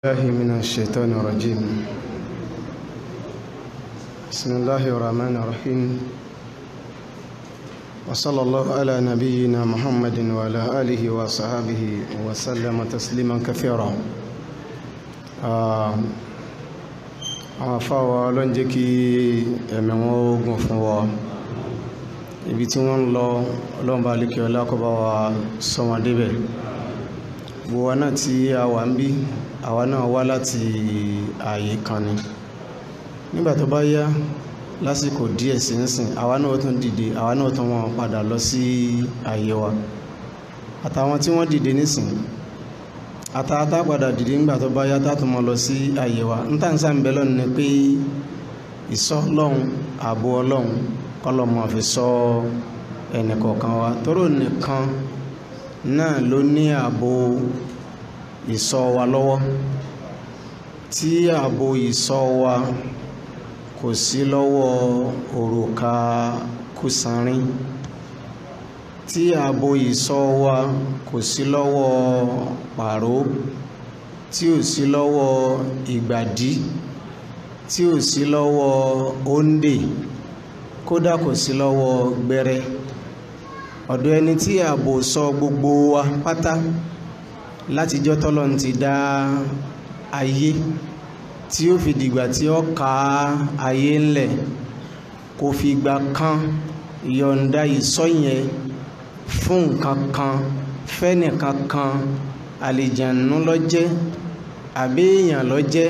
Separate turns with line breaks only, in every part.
الله من الشيطان الرجيم بسم الله الرحمن الرحيم وصلى الله على نبينا محمد وعلى آله وصحابه وسلم تسليما كثيرا àfáwà ọlọ́njẹ́ kí ẹ̀mẹ̀ wọn ogun fún wa ibi tí wọ́n ń lọ ọlọ́mbà alikẹ́ ọlákọ́bá wa sọ gbogbo wa náà tí a wà ń bí àwa náà wá láti ààyè kan ni nígbà tó bá yá lásìkò díẹ̀ sí ń sìn àwa náà tún dìde àwa náà tún wọn padà lọ sí ààyè wa àtàwọn tí wọ́n dìde nísìn àtàtà padà dìde nígbà tó bá yá tààtù lọ sí ààyè wa ń tàn sáà ń bẹ lọ́nà ni pé ìsọ́ ọlọ́run ààbò ọlọ́run kọ́lọ́mọ fi sọ ẹnìkọ̀ọ̀kan wa tóró nìkan náà ló ní ààbò ìsọ wa lọ́wọ́ tí ààbò ìsọ wa kò sí lọ́wọ́ òrùka kùsànrin tí ààbò ìsọ wa kò sí lọ́wọ́ pàró tí ò sí lọ́wọ́ ìgbàdí tí ò sí lọ́wọ́ òǹdè kódà kò sí lọ́wọ́ gbẹrẹ ọ̀dọ̀ ẹni tí ààbò sọ gbogbo wa pátá látijọ́ tọ́lọ́n ti dá ayé tí ó fi dìgbà tí ó ka ayé ńlẹ̀ kò fi ìgbà kan yọ̀ǹda ìsọ́yẹn fún nǹkan kan fẹ́nìkan kan àlìjànú lọ́jẹ́ àbẹ́yàn lọ́jẹ́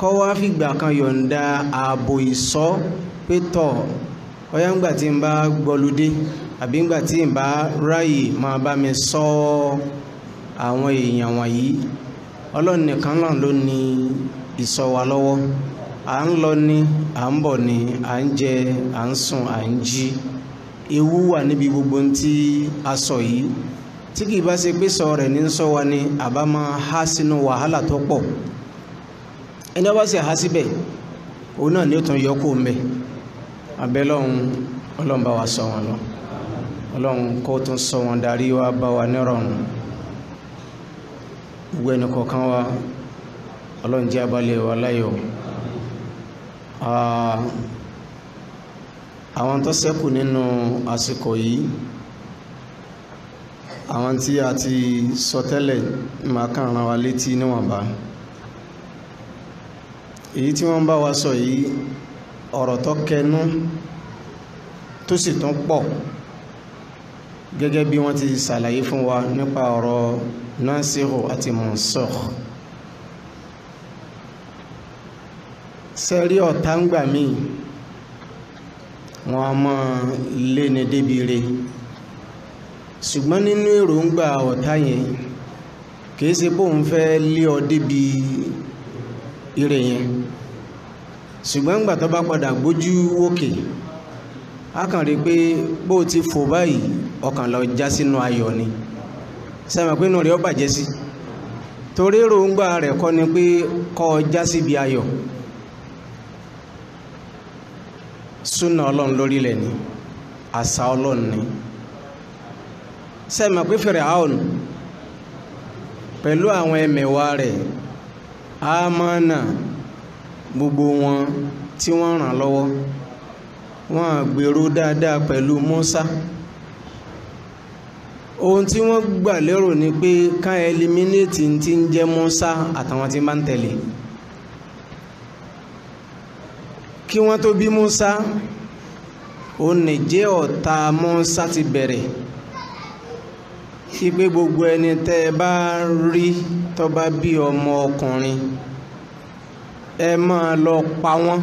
kọ́ wá fìgbà kan yọ̀ǹda ààbò ìsọ́ pé ọyá ńgbà tí n bá gbọ́ludé àbí ńgbà tí n bá ráyè máa bá mi sọ ọ́ àwọn èèyàn wọ̀nyí ọlọ́run nìkan náà ló ní ìsọ wa lọ́wọ́ à ń lọ ni à ń bọ̀ ni à ń jẹ à ń sùn à ń jí ewu wà níbi gbogbo tí a sọ yìí tí kì í bá ṣe pé sọ rẹ̀ ní sọ wa ni àbá máa há sínú wàhálà tó pọ̀ ẹni wọ́n bá sì há síbẹ̀ òun náà ni ó tún yọ kó mbẹ̀ abẹ́lọ́hún ọlọ́run bá wa sọ wọn lọ ọlọ́run kó tún sọ wọn darí wa bá wa nírọ̀rùn gbogbo ẹni kọ̀ọ̀kan wa ọlọ́run jẹ́ abalẹ̀ wa láyọ̀ àwọn tó ṣẹ́kù nínú àsìkò yìí àwọn tí a ti sọ tẹ́lẹ̀ máa kàn rán wa létí níwọ̀nba èyí tí wọ́n bá wa sọ yìí ọ̀rọ̀ tó kẹnu tó sì tún pọ̀ gẹ́gẹ́ bí wọ́n ti ṣàlàyé fún wa nípa ọ̀rọ̀ nasiru àti monsor sẹ́rí ọ̀tá ń gbà míì wọ́n a mọ́ lé ní débi re ṣùgbọ́n nínú èròǹgbà ọ̀tá yẹn kìí ṣe pé fẹ́ lé ọ débi ire yẹn ṣùgbọ́n ńgbà tó bá padà gbójú wókè a kàn rí pé bó o ti fò báyìí ọkàn lọ já sínú ayọ̀ ni sẹ́mi pé inú rẹ̀ ó bàjẹ́ sí torí èròǹgbà rẹ̀ kọ́ ni pé kọ́ ọ já síbi ayọ̀ súnà ọlọ́run lórílẹ̀ ni àṣà ọlọ́run ni sẹ́mi pé fèrè àwọn pẹ̀lú àwọn ẹ̀mẹ̀wá rẹ̀ àmánà gbogbo wọn tí wọ́n ràn lọ́wọ́ wọ́n gbèrò dáadáa pẹ̀lú Mùsá ohun tí wọ́n gbà lérò ni pé ká eliminate tí ń jẹ́ Musa àtàwọn tí máa ń tẹ̀lé kí wọ́n tó bí Musa òun nìjẹ́ ọ̀tá Musa ti bẹ̀rẹ̀ ipe gbogbo ẹni tẹ́ ẹ bá rí tó bá bí ọmọ ọkùnrin ẹ máa lọ pa wọ́n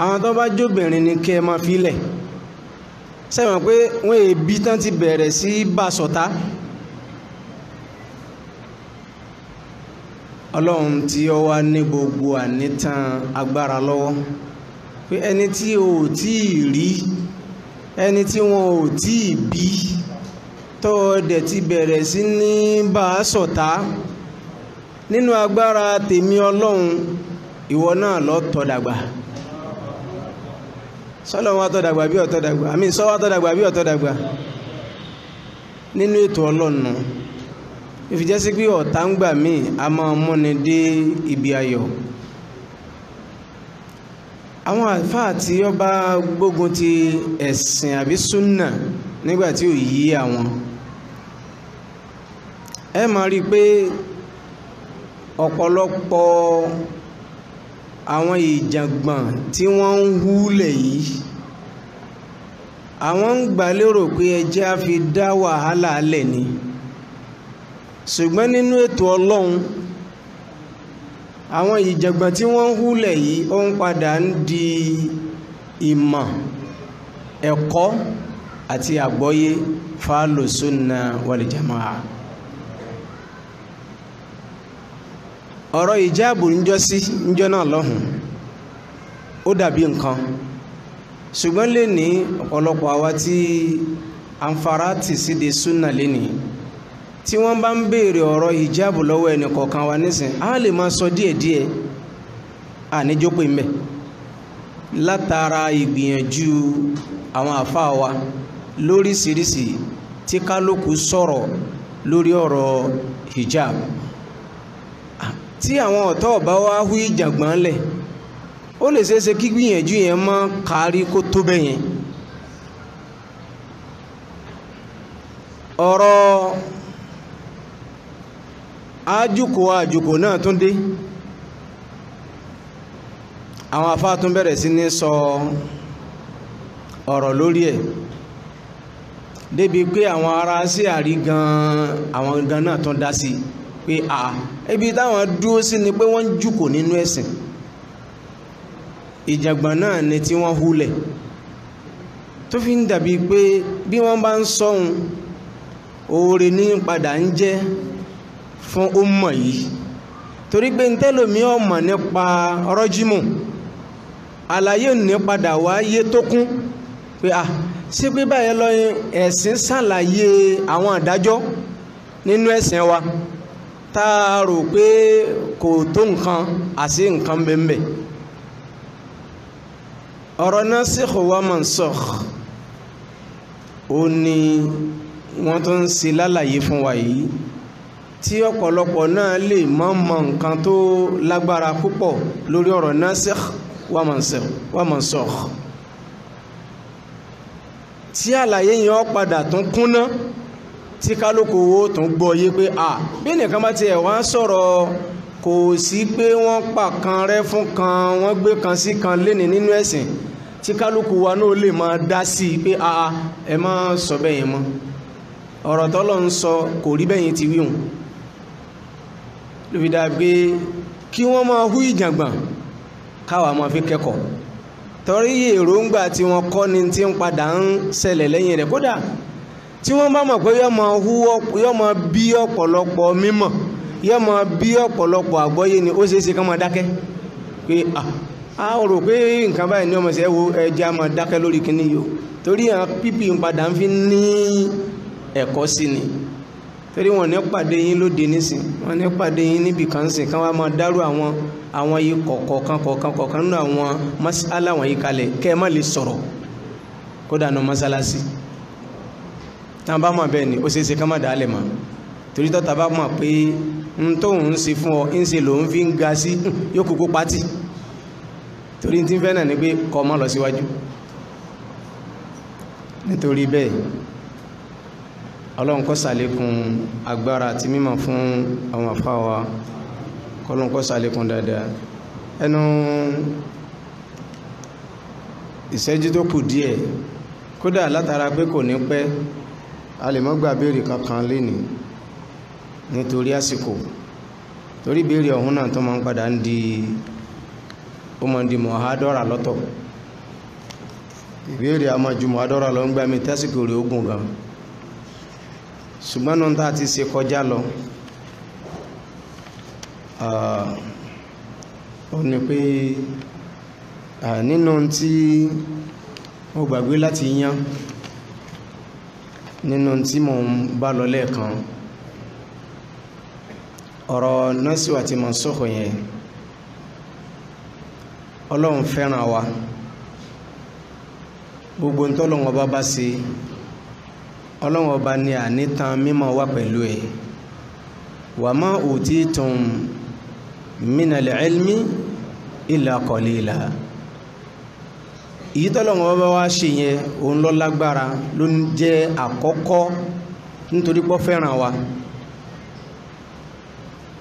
àwọn tó bá jóbìnrin ni kí ẹ máa filẹ̀ sẹ́wọ̀n pé wọ́n èbí tán ti bẹ̀rẹ̀ sí bá sọ̀tá ọlọ́run tí ó wá ní gbogbo ànítàn agbára lọ́wọ́ pé ẹni tí o ò tí ì rí ẹni tí wọn ò tí ì bí tó o ti bẹ̀rẹ̀ sí ní bá nínú agbára tèmi ọlọ́run ìwọ náà lọ́ọ́ tọ́ dàgbà sọ́lọ́run wá tọ́dàgbà bí ọ̀tọ́dàgbà àmì sọ́wá tọ́dàgbà bí ọ̀tọ́dàgbà nínú ètò ọlọ́nu ìfìjẹ́ sí pé ọ̀tá ń gbà míì a máa múni dé ibi ayọ̀ àwọn àlfáà tí ó bá gbógun ti ẹ̀sìn àbí súnà nígbà tí ò yí àwọn ẹ máa rí i pé ọ̀pọ̀lọpọ̀ àwọn ìjàngbọ̀n tí wọ́n ń húlẹ̀ yìí àwọn ń gbà pé ẹjẹ́ á fi dá wàhálà alẹ̀ ni ṣùgbọ́n nínú ètò ọlọ́run àwọn ìjàngbọ̀n tí wọ́n ń húlẹ̀ yìí ó ń padà ń di ìmọ̀ ẹ̀kọ́ àti àgbọ́yé fálòsùnà wàlìjàmáà ọ̀rọ̀ ìjáàbù níjọ́ sí níjọ́ náà lọ́hùn ó dàbí nǹkan ṣùgbọ́n lè ní ọ̀pọ̀lọpọ̀ àwa tí àǹfààrà tì síde súnà lénìí tí wọ́n bá ń béèrè ọ̀rọ̀ ìjáàbù lọ́wọ́ ẹnì kọ̀ọ̀kan wa nísìn á lè máa sọ díẹ̀díẹ̀ àníjópin mẹ́ látara ìgbìyànjú àwọn àfáà wa lóríṣiríṣi tí kálukú sọ̀rọ̀ lórí ọ̀rọ̀ hijab. tí àwọn ọ̀tá ọ̀bá wa hu ìjàngbọ̀n lẹ̀ ó lè ṣeéṣe kí gbìyànjú yẹn mọ́ kárí kó tó bẹ́ẹ̀ yẹn ọ̀rọ̀ ajúkò ajúkò náà tún dé àwọn afá tún bẹ̀rẹ̀ sí ní sọ ọ̀rọ̀ lórí ẹ̀ débi pé àwọn ará sí àrí gan àwọn gan náà tún dá sí i pé à ibi táwọn dúró sí ni pé wọ́n ń jùkò nínú ẹ̀sìn ìjàngbọ̀n náà ni tí wọ́n húlẹ̀ tó fi ń dàbí pé bí wọ́n bá ń sọ́hun oore ní padà ń jẹ́ fún ọmọ yìí torí pé ń tẹ́lòmí ọmọ nípa rọ́jímù àlàyé ní padà wáyé tó kún pé à sí pé báyẹn lọ ẹ̀sìn ṣàlàyé àwọn àdájọ́ nínú ẹ̀sìn wa tá a rò pé kò tó nǹkan àti nǹkan bẹ́ẹ̀ ọ̀rọ̀ nasikh wa mansukh ó ní wọ́n tó ń ṣe lálàyé fún wa yìí tí ọ̀pọ̀lọpọ̀ náà lè má mọ nǹkan tó lágbára púpọ̀ lórí ọ̀rọ̀ nasikh wa mansukh tí àlàyé yẹn ó padà tún kúnná tí kálukú wo tún gbọ́ yé pé à bí nìkan bá tiẹ̀ wá sọ̀rọ̀ kò sí pé wọ́n pa kan rẹ́ fún kan wọ́n gbé kan sí kan lénìí nínú ẹ̀sìn tí kálukú wa náà lè máa dá sí i pé àà ẹ má sọ bẹ́ẹ̀ yẹn mọ́ ọ̀rọ̀ tọ́lọ́ ń sọ kò rí bẹ́ẹ̀ yẹn ti wíhùn ló fi dáa pé kí wọ́n máa hú ìjàngbọ̀n káwa máa fi kẹ́kọ̀ọ́ torí èròǹgbà tí wọ́n kọ́ ni ti ń padà ń ṣẹlẹ̀ lẹ́yìn rẹ̀ kódà tí wọ́n bá mọ̀ pé yọ́ mọ hú yọ́ mọ bí ọ̀pọ̀lọpọ̀ mímọ̀ yọ́ mọ bí ọ̀pọ̀lọpọ̀ àgbọ́yé ni ó ṣeé ṣe kán mọ dákẹ́ pé a rò pé nǹkan báyìí ní ọmọ ṣe wo ẹja mọ dákẹ́ lórí kinní yìí o torí àwọn pípì ń padà ń fi ní ẹ̀kọ́ sí ni torí wọn ní pàdé yín lóde nísìn wọn ní pàdé yín níbì kan sìn kán wá máa dárú àwọn àwọn yìí kọ̀ọ̀kan kọ̀ọ̀kan kọ̀ọ̀kan nínú àwọn masala wọ̀nyí kalẹ̀ kẹ́ ẹ má lè sọ̀rọ̀ kódà nù masalasi. No tán bá mọ̀ bẹ́ẹ̀ ni ó ṣeéṣe ká má dálẹ̀ mọ́ torí tọ́ta bá mọ̀ pé n tóun ń ṣe fún ọ ń ṣe lòun fi ń ga sí yóò kúkú pátì torí tí ń fẹ́ náà ni pé kọ́ ọ mọ́ lọ síwájú nítorí bẹ́ẹ̀ ọlọ́run kó ṣàlékún agbára àti mímọ̀ fún àwọn àfá wa kọlọ́run kó ṣàlékún dáadáa ẹnu ìṣẹ́jú tó kù díẹ̀ kódà látara pé kò ní pẹ́ a lè mọ́ gba béèrè kankan lénìí nítorí àsìkò torí béèrè ọ̀hún náà tó máa ń padà ń di ó máa ń di mọ̀hádọ́rà lọ́tọ̀ ìbéèrè a máa ju lọ ń gbá mi tásìkò rẹ̀ ogun gan ṣùgbọ́n náà tá a ti ṣe kọjá lọ ó ní pé nínú tí mo gbàgbé láti yán nínú tí mò ń bá lọ lẹ́ẹ̀kan ọ̀rọ̀ nọ́ọ̀sì wa ti mọ̀ sọ́kò yẹn ọlọ́run fẹ́ràn wa gbogbo ntọ́lọ́run ọba bá ṣe ọlọ́run ọba ní ànítan mímọ́ wa pẹ̀lú ẹ̀ wà má òtítùn mínàlẹ̀ ẹ̀lmí ìlà kọ̀lìlà èyí tọ́lọ́wọ́n bá wá ṣe yẹn òun lọ lágbára ló ń jẹ́ àkọ́kọ́ nítorí pọ́ fẹ́ràn wa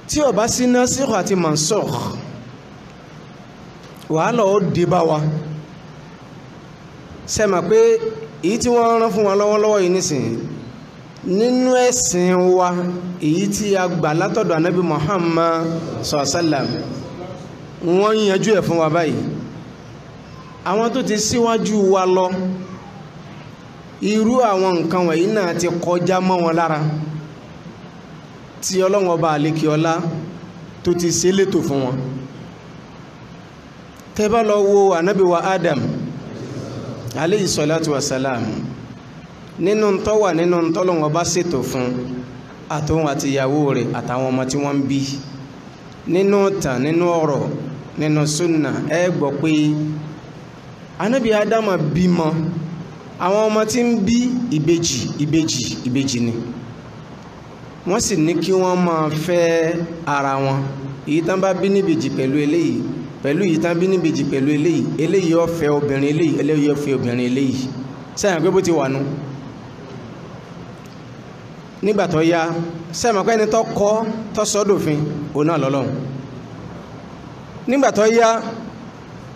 tí ó bá sí násìkò àti mansur wàhálà ó dé bá wa sẹ́mà pé èyí tí wọ́n rán fún wa lọ́wọ́lọ́wọ́ yìí nísìnyí nínú ẹ̀sìn wa èyí tí a gbà látọ̀dọ̀ anábì Muhammad sallallahu alaihi wasallam wọ́n yanjú ẹ̀ fún wa báyìí àwọn tó ti síwájú wa lọ irú àwọn nǹkan wọ̀nyí náà ti kọjá mọ́ wọn lára tí ọlọ́wọ́n bá àlékè ọlá tó ti ṣe létò fún wọn tẹ́ lọ wo ànábì Adam aleyhi salatu wa salam nínú tọ́wà nínú tọ́lọ́wọ́n bá ṣètò fún àtòun àti ìyàwó rẹ̀ àtàwọn ọmọ tí wọ́n ń bí nínú tàn nínú ọ̀rọ̀ nínú súnà ẹ gbọ́ pé anábì adama bímọ àwọn ọmọ tí ń bí ìbejì ìbejì ìbejì ni wọ́n sì ní kí wọ́n máa fẹ́ ara wọn èyí tán bá bí níbejì pẹ̀lú eléyìí pẹ̀lú èyí tán bí níbejì pẹ̀lú eléyìí eléyìí ó obìnrin eléyìí eléyìí ó obìnrin eléyìí sẹ́yìn pé bó ti wà nú nígbà tó yá sẹ́yìn pé ẹni tó kọ́ tó sọ́dọ̀fin òun náà lọ́lọ́run nígbà tó yá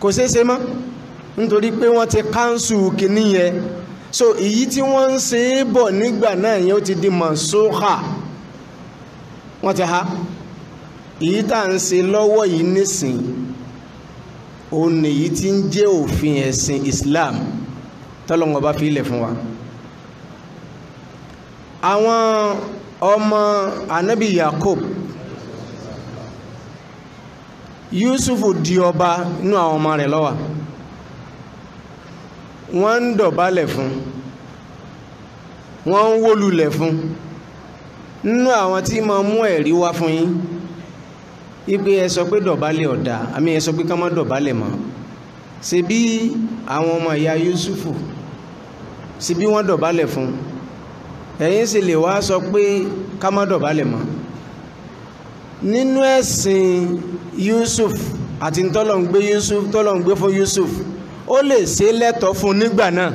kò ṣeé ṣe mọ́ nítorí pé wọ́n ti kánṣu kìíní yẹn so èyí tí wọ́n ń ṣe é bọ̀ nígbà náà yẹn ó ti di mọ̀sóhà wọ́n ti ha èyí tá à ń ṣe lọ́wọ́ yìí nísìn òun nìyí tí ń jẹ́ òfin ẹ̀sìn Islam tọ́lọ́ngọ̀ bá fi ilẹ̀ fún wa àwọn ọmọ anabi Yakob yusufu di ọba inú àwọn ọmọ rẹ̀ lọ́wà wọ́n ń dọ̀bálẹ̀ fún wọ́n ń wólulẹ̀ fún nínú àwọn tí ma mú ẹ̀rí wá fún yín ipe ẹ sọ pé dọ̀bálẹ̀ ọ̀dà àmì ẹ sọ pé ká má dọ̀bálẹ̀ mọ́ ṣe bí àwọn ọmọ ìyá yusufu ṣe bí wọ́n dọ̀bálẹ̀ fún ẹ̀yin sì lè wá sọ pé ká má dọ̀bálẹ̀ mọ́ nínú ẹ̀sìn Yusuf àti tọ́lọ̀ǹgbé Yusuf tọ́lọ̀ǹgbé fún Yusuf ó lè ṣe lẹ́tọ̀ fún nígbà náà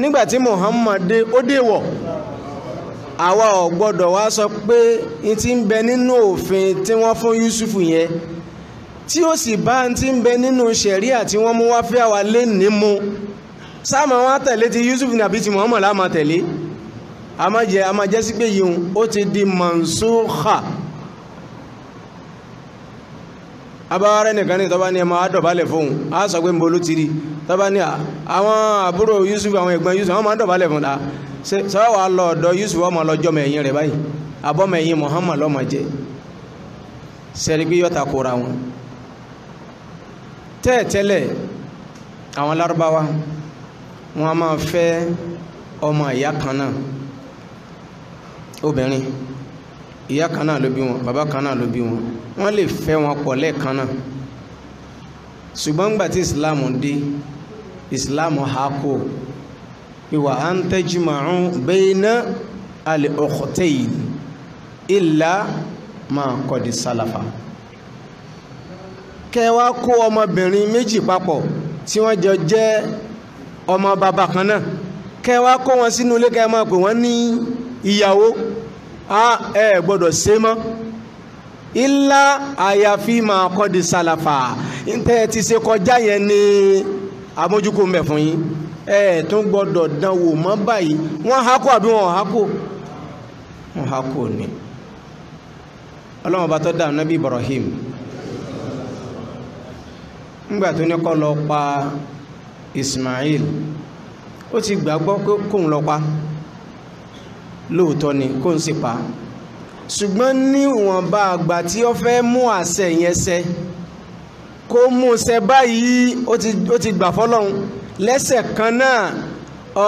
nígbà tí Muhammad dé ó déwọ̀ àwa ò gbọ́dọ̀ wá sọ pé n ti ń bẹ nínú òfin tí wọ́n fún Yusuf yẹn tí ó sì bá n ti ń bẹ nínú ṣẹ̀ríà tí wọ́n mú wá fẹ́ wa lé ní mu sáàmù wọn tẹ̀lé ti Yusuf nàbí ti Muhammad láàmà tẹ̀lé àmọ́ jẹ́ àmọ́ jẹ́ sí pé yìí ó ti di mansukha abáwárẹ́ nìkan ní tọ́bá ní ẹmọ àádọ̀bálẹ̀ fóun a sọ pé mbolo ti rí tọ́bá ní àwọn àbúrò Yusuf àwọn ẹ̀gbọ́n Yusuf àwọn máa dọ̀bálẹ̀ fún ta sọ́wọ́ wa lọ ọ̀dọ̀ Yusuf ọmọ lọ́jọ́ mẹ́yìn rẹ̀ báyìí abọ́mẹ́yìn Muhammad lọ́mọ jẹ́ sẹ́rígbé yọta kóra wọn tẹ́ẹ̀tẹ́lẹ̀ àwọn lárúbáwá wọn a máa fẹ́ ọmọ ìyá kan náà obìnrin ìyá kan náà ló bí wọn bàbá kan náà ló bí wọn wọ́n lè fẹ́ wọn pọ̀ lẹ́ẹ̀kan náà ṣùgbọ́n gbà tí islam dé islam ha kó ìwà à ń tẹ́jú màrún bayna al-ukhtayn illa ma qad salafa kẹwa kó ọmọbìnrin méjì papọ̀ tí wọ́n jọ jẹ́ ọmọ bàbá kan náà kẹwa kó wọn sínú ilé kẹwa máa pè wọ́n ní ìyàwó a ẹ gbọ́dọ̀ ṣe mọ́ ilá àyàfi máa kọ́ di sálàfà ntẹ́ ti ṣe kọjá yẹn ní amójúkú fún yín ẹ tún gbọdọ̀ dán wò mọ́ wọ́n há kó àbí wọ́n há wọ́n há kó ni ọlọ́run bá Ibrahim tó ní kọ́ lọ pa Ismail ṣùgbọ́n ní ìwọ̀nba àgbà tí ó fẹ́ mú àṣẹ yẹn ṣẹ kó mú ṣẹ báyìí ó ti gbà fọlọ́run lẹ́sẹ̀ kan náà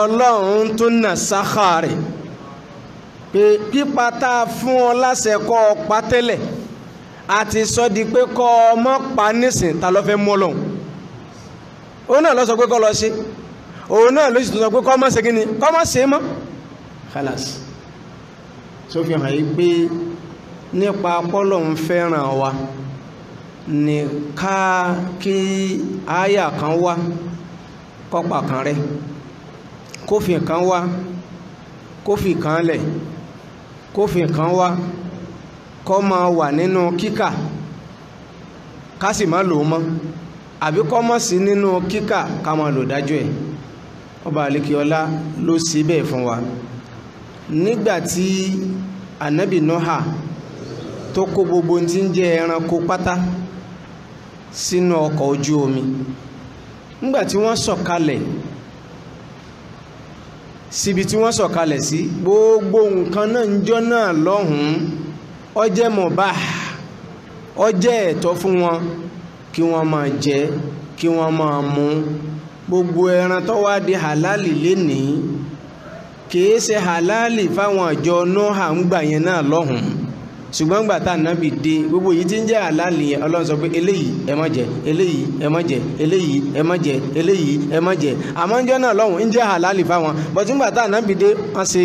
ọlọ́run tún nà sáká rẹ̀ pé pípa tá a fún ọ láṣẹ kọ́ ọ pa tẹ́lẹ̀ àti sọ di pé kọ́ ọ mọ́ pa nísìn ta ló fẹ́ mú ọlọ́run òun náà ló sọ pé kọ́ lọ ṣe òun náà ló sọ pé kọ́ mọ́ ṣe kí ni kọ́ mọ́ ṣe mọ́ kálásì so fi hàn yí pé nípa pọ́lọ̀ ń fẹ́ràn wa ní ká kí àyà kan wá kọ́pà kan rẹ kófì kan wá kófì kan lẹ̀ kófì kan wá kọ́ máa wà nínú kíkà ká sì má lò mọ́ àbí kọ́ mọ́ sí nínú kíkà ká máa lò dájú ẹ̀ ọba àlékiọlá ló sí bẹ́ẹ̀ fún wa. nígbàtí anabi noha tó kó gbogbo tí ń jẹ ẹranko pátá sínú ọkọ̀ ojú omi nígbàtí wọ́n sọ̀kalẹ̀ síbi tí wọ́n sọ̀kalẹ̀ sí gbogbo nǹkan náà ń jọ́ náà lọ́hùn-ún ó jẹ́ mọ̀bá ó ẹ̀tọ́ fún wọn kí wọ́n máa jẹ kí wọ́n máa mu gbogbo ẹran tó wá di halali lénìí kìí ṣe halali fáwọn àjọ noha ń gbà yẹn náà lọ́hùn ṣùgbọ́n gbà tá ànábì dé gbogbo yìí tí ń jẹ́ halali yẹn ọlọ́run sọ pé eléyìí ẹ má jẹ eléyìí ẹ má jẹ eléyìí ẹ má jẹ eléyìí ẹ má jẹ àmọ́ ń jẹ́ náà lọ́hùn ń jẹ́ halali fáwọn bọ́tí gbà tá ànábì dé wọ́n ṣe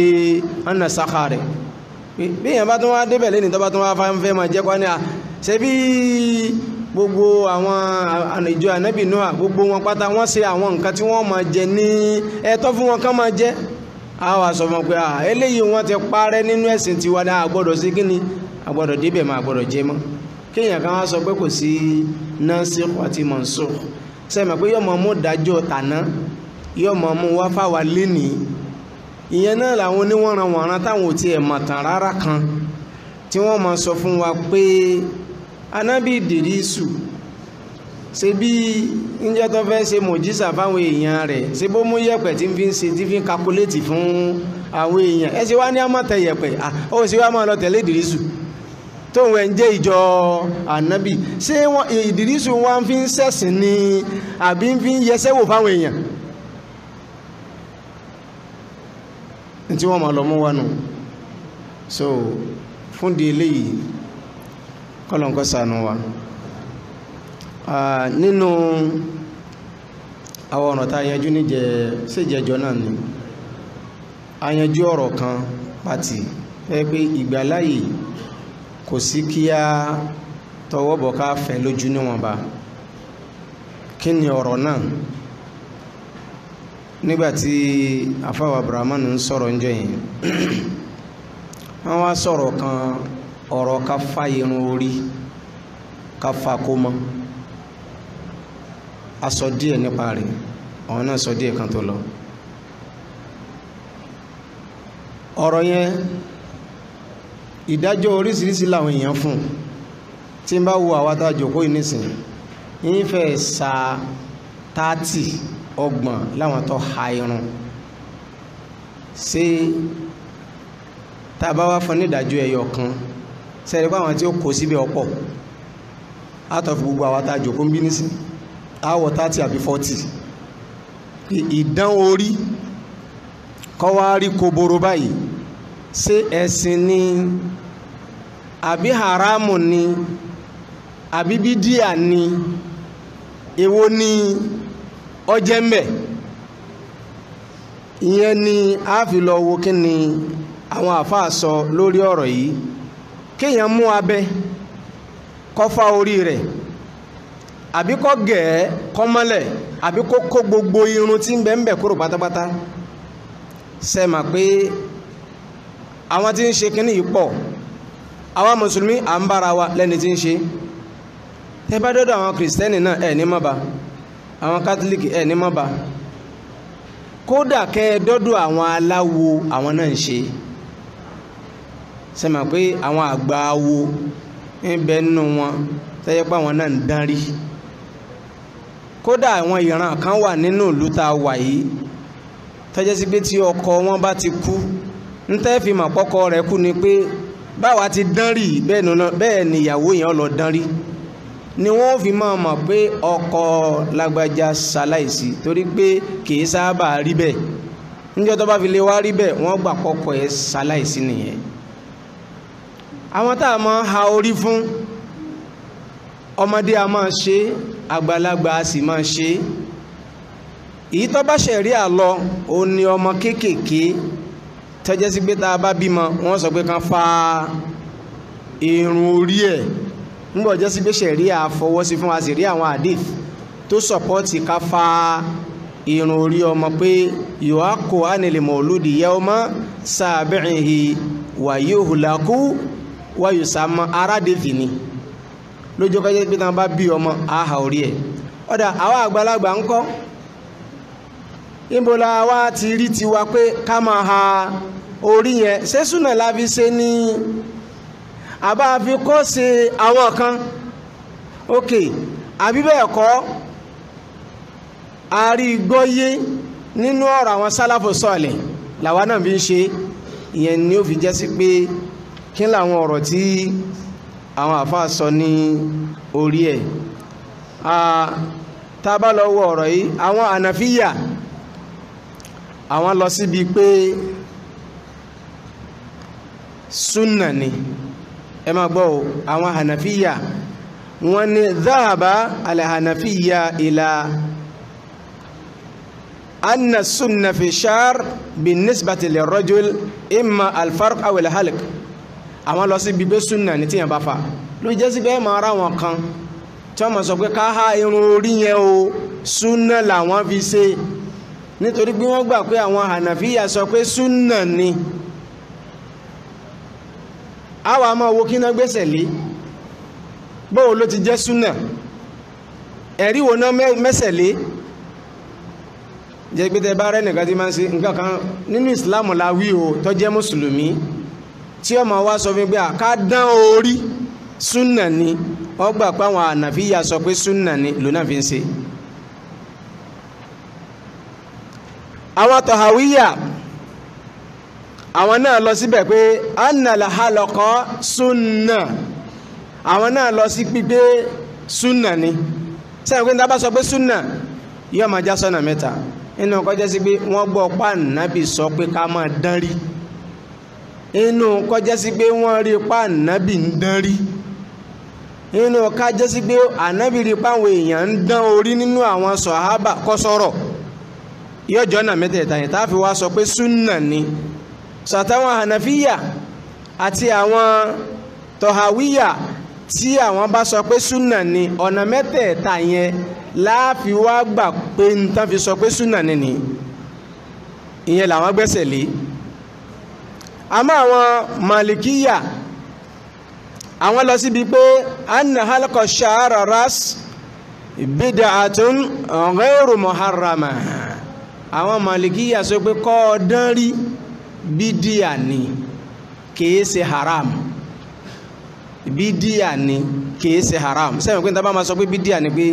ọ̀nà sáká rẹ̀ bí èèyàn bá tún wá débẹ̀ lẹ́ni tó bá tún wá fẹ́ máa jẹ́ kwani à ṣe bí gbogbo àwọn ìjọ ànábì Nóà gbogbo wọn pátá wọ́n ṣe àwọn nǹkan tí wọ́n máa jẹ ní ẹ̀tọ́ fún wọn kán máa jẹ a wà sọ fún pé eléyìí wọ́n ti parẹ́ nínú ẹ̀sìn tiwa náà àgbọ́dọ̀ sí kíni àgbọ́dọ̀ débẹ̀ máa gbọ́dọ̀ jẹ mọ́ kéèyàn kan wá sọ pé kò sí nasikh àti mansukh sẹ́mi pé yọ̀mọ̀ mú dájọ́ tàná yọ̀mọ̀ mú wá fáwa lénìí ìyẹn náà làwọn oníwọ̀nranwọ̀nran táwọn ò tiẹ̀ mọ̀ tán rárá kan tí wọ́n máa sọ fún wa pé anábì Ìdírísù ṣe bí níjọ́ tó fẹ́ ṣe mòjísà fáwọn èèyàn rẹ̀ ṣe bó mú yẹ̀pẹ̀ tí fi ń ṣe tí fi ń kakuléètì fún àwọn èèyàn ẹ ṣe wá ní àmọ̀tẹ̀ yẹ̀pẹ̀ ó ṣe wá máa lọ tẹ̀lé ìdírísù tóun ẹ̀ ń jẹ́ ìjọ ànábì ṣé ìdírísù wa fi ń ṣẹ̀sìn ni àbí fi ń yẹsẹ́ wò fáwọn èèyàn tí wọ́n máa lọ mú wánu so fún di eléyìí kọ́lọ̀ sànù wa. No nínú àwọn ọ̀rọ̀ tá a yanjú níjẹ́ ṣèjẹjọ náà ni a yanjú ọ̀rọ̀ kan pàtì ẹ pé ìgbàláyè kò sí kí a tọwọ́ bọ̀ ká fẹ́ lójú níwọ̀nba kí ni ọ̀rọ̀ náà nígbàtí afáwà abrahamanu ń sọ̀rọ̀ ń jọ wọ́n wá sọ̀rọ̀ kan ọ̀rọ̀ ká fá irun orí ká fa kó mọ́ a sọ díẹ̀ nípa rẹ̀ àwọn náà sọ díẹ̀ kan tó lọ ọ̀rọ̀ yẹn ìdájọ́ oríṣiríṣi làwọn èèyàn fún tí n bá wo àwa tá a jòkó yìí nísìnyí yín fẹ́ sa tààtì ọgbọ̀n láwọn tó ha irun ṣé tá a bá wá fún nídàájọ́ ẹ̀yọ̀ kan sẹ́ni pé àwọn tí ó kó síbẹ̀ ọ̀pọ̀ àtọ̀fù gbogbo àwa tá a jòkó ń bí nísìnyí àwọ̀ thirty àbí forty ìdán orí kọ́ wá rí koboro báyìí ṣé ẹ̀sìn ni àbí haramu ni àbí bídíà ni èwo ni ọjẹ́ mbẹ̀ ìyẹn ni a fi lọ wo kí ni àwọn àáfàá sọ lórí ọ̀rọ̀ yìí kéèyàn mú abẹ kó orí rẹ̀ àbí kọ́ gẹ̀ ẹ́ kọ́ mọ́lẹ̀ àbí kó kó gbogbo irun tí ń bẹ ń bẹ kúrò pátápátá ṣe mà pé àwọn tí ń ṣe kínní yìí pọ̀ àwọn mùsùlùmí à ń bára wa lẹ́ni tí ń ṣe tẹ́ bá dọ́dọ̀ àwọn kìrìsìtẹ́nì náà ẹ̀ ní mọ́ba àwọn kátólíkì ẹ̀ ní mọ́ba kódà kẹ́ ẹ dọ́dọ̀ àwọn aláwo àwọn náà ń ṣe ṣe mà pé àwọn àgbà awo ń bẹ nínú wọn tẹ́yẹ́ pé àwọn náà ń dán kódà àwọn ìran kan wà nínú ìlú tá a wà yìí tọ́jẹ́ sí pé tí ọkọ wọn bá ti kú ń tẹ́ fi mọ̀ pọ́kọ rẹ̀ kú ni pé báwa ti dán rí bẹ́ẹ̀ ni ìyàwó yẹn lọ dán rí ni wọ́n fi máa mọ̀ pé ọkọ lágbájá ṣaláìsí torí pé kìí sábà rí bẹ́ẹ̀ níjọ́ tó bá fi lè wá rí bẹ́ẹ̀ wọ́n gbà pọ́kọ ẹ̀ ṣaláìsí nìyẹn àwọn tá a máa ha orí fún ọmọdé a máa ṣe é àgbàlagbà a sì máa ṣe èyí tó bá ṣẹ̀rí àlọ òun ni ọmọ kéékèèké tọ́jẹ́ sí pé tá a bá bímọ wọ́n sọ pé kán fa irun orí ẹ̀ ńgbọ̀ jẹ́ sí pé ṣẹ̀rí àfọwọ́sí fún wa sì rí àwọn àdìf tó sọ̀pọ́ọ̀tì ká fa irun orí ọmọ pé yòó kó ánilẹ̀ mọ̀lúdì yẹ ọmọ sáàbìrìn hì wàyí òhùlákú wáyùsámọ́ aládìf ni lójó kọjá pé tán bá bí ọmọ àhà orí ẹ̀ ọ̀dà àwa àgbàlagbà ń kọ́ níbo la wá ti rí tiwa pé ká máa ha orí yẹn ṣé súnà la fi ṣe ní àbá fi kọ́ ṣe àwọn kan ok àbí bẹ́ẹ̀ kọ́ àrígbọ́yé nínú ọ̀rọ̀ àwọn sálàfò sọ̀lẹ̀ làwa náà fi ń ṣe ìyẹn ni ó fi jẹ́ sí pé kí làwọn ọ̀rọ̀ tí àwọn àfáà sọ ní orí ẹ̀ tá a bá lọ wo ọ̀rọ̀ yìí àwọn ànàfíyà àwọn lọ síbi pé súnà ni ẹ máa gbọ́ o àwọn ànàfíyà wọ́n ní dáàbá alàhànàfíyà ìlà anna súnà fi ṣáàr bí nísbàtìlẹ̀ rọ́júl ìmà alfarq awil halq àwọn lọ sí ibi pé súnà ní tíyàn bá fa ló jẹ́ sí bẹ́ẹ̀ máa ra wọn kan tí wọ́n máa sọ pé ká irun orí yẹn o súnà làwọn fi ṣe nítorí pé wọ́n gbà pé àwọn hànàfíyà sọ pé súnà ni àwa máa wo kí náà gbẹ́sẹ̀ lé bóò ló ti jẹ́ súnà ẹ̀rí wo náà mẹ́sẹ̀ lé jẹ́ pé tẹ bá rẹ́ nìkan ti máa ń ṣe nǹkan kan nínú ìsìláàmù la wí o tó mùsùlùmí tí ọmọ wa sọ fún pé àká dán orí súnà ni wọ́n gbà pé àwọn ànàfíyà sọ pé súnà ni lónà fi ń ṣe. àwọn tọ̀hàwíyà àwọn náà lọ síbẹ̀ pé annalahalọ́kọ́ súnà àwọn náà lọ sí pípé súnà ni sẹ́yìn pé ní tábà sọ pé súnà yóò máa já sọ́nà mẹ́ta nínú kọjá sí pé wọ́n gbọ́ pa sọ pé ká máa dán rí inú kọjá sí pé wọ́n rí pa ànábì ń dán rí inú kájá sí pé ànábì rí pa àwọn èèyàn ń dán orí nínú àwọn sọ̀hábà kọ́ sọ̀rọ̀ yọjọ́ náà mẹ́tẹ̀ẹ̀ta yẹn táàfi wá sọ pé súnà ni sàtàwọn hànàfíyà àti àwọn tọ̀hàwíyà tí àwọn bá sọ pé súnà ni ọ̀nà mẹ́tẹ̀ẹ̀ta yẹn láàfi wá gbà pé ń tán fi sọ pé súnà ni ni ìyẹn làwọn gbẹ́sẹ̀ lé àmọ́ àwọn malikiya àwọn lọ síbi pé anna halqa sha'ara ras bid'atun ghayru muharrama àwọn malikiya sọ pé kọ́ ọ dán rí bídíà ni kìí ṣe haram bídíà ni kìí ṣe haram sẹ́yìn pé n ta bá máa sọ pé bídíà ni pé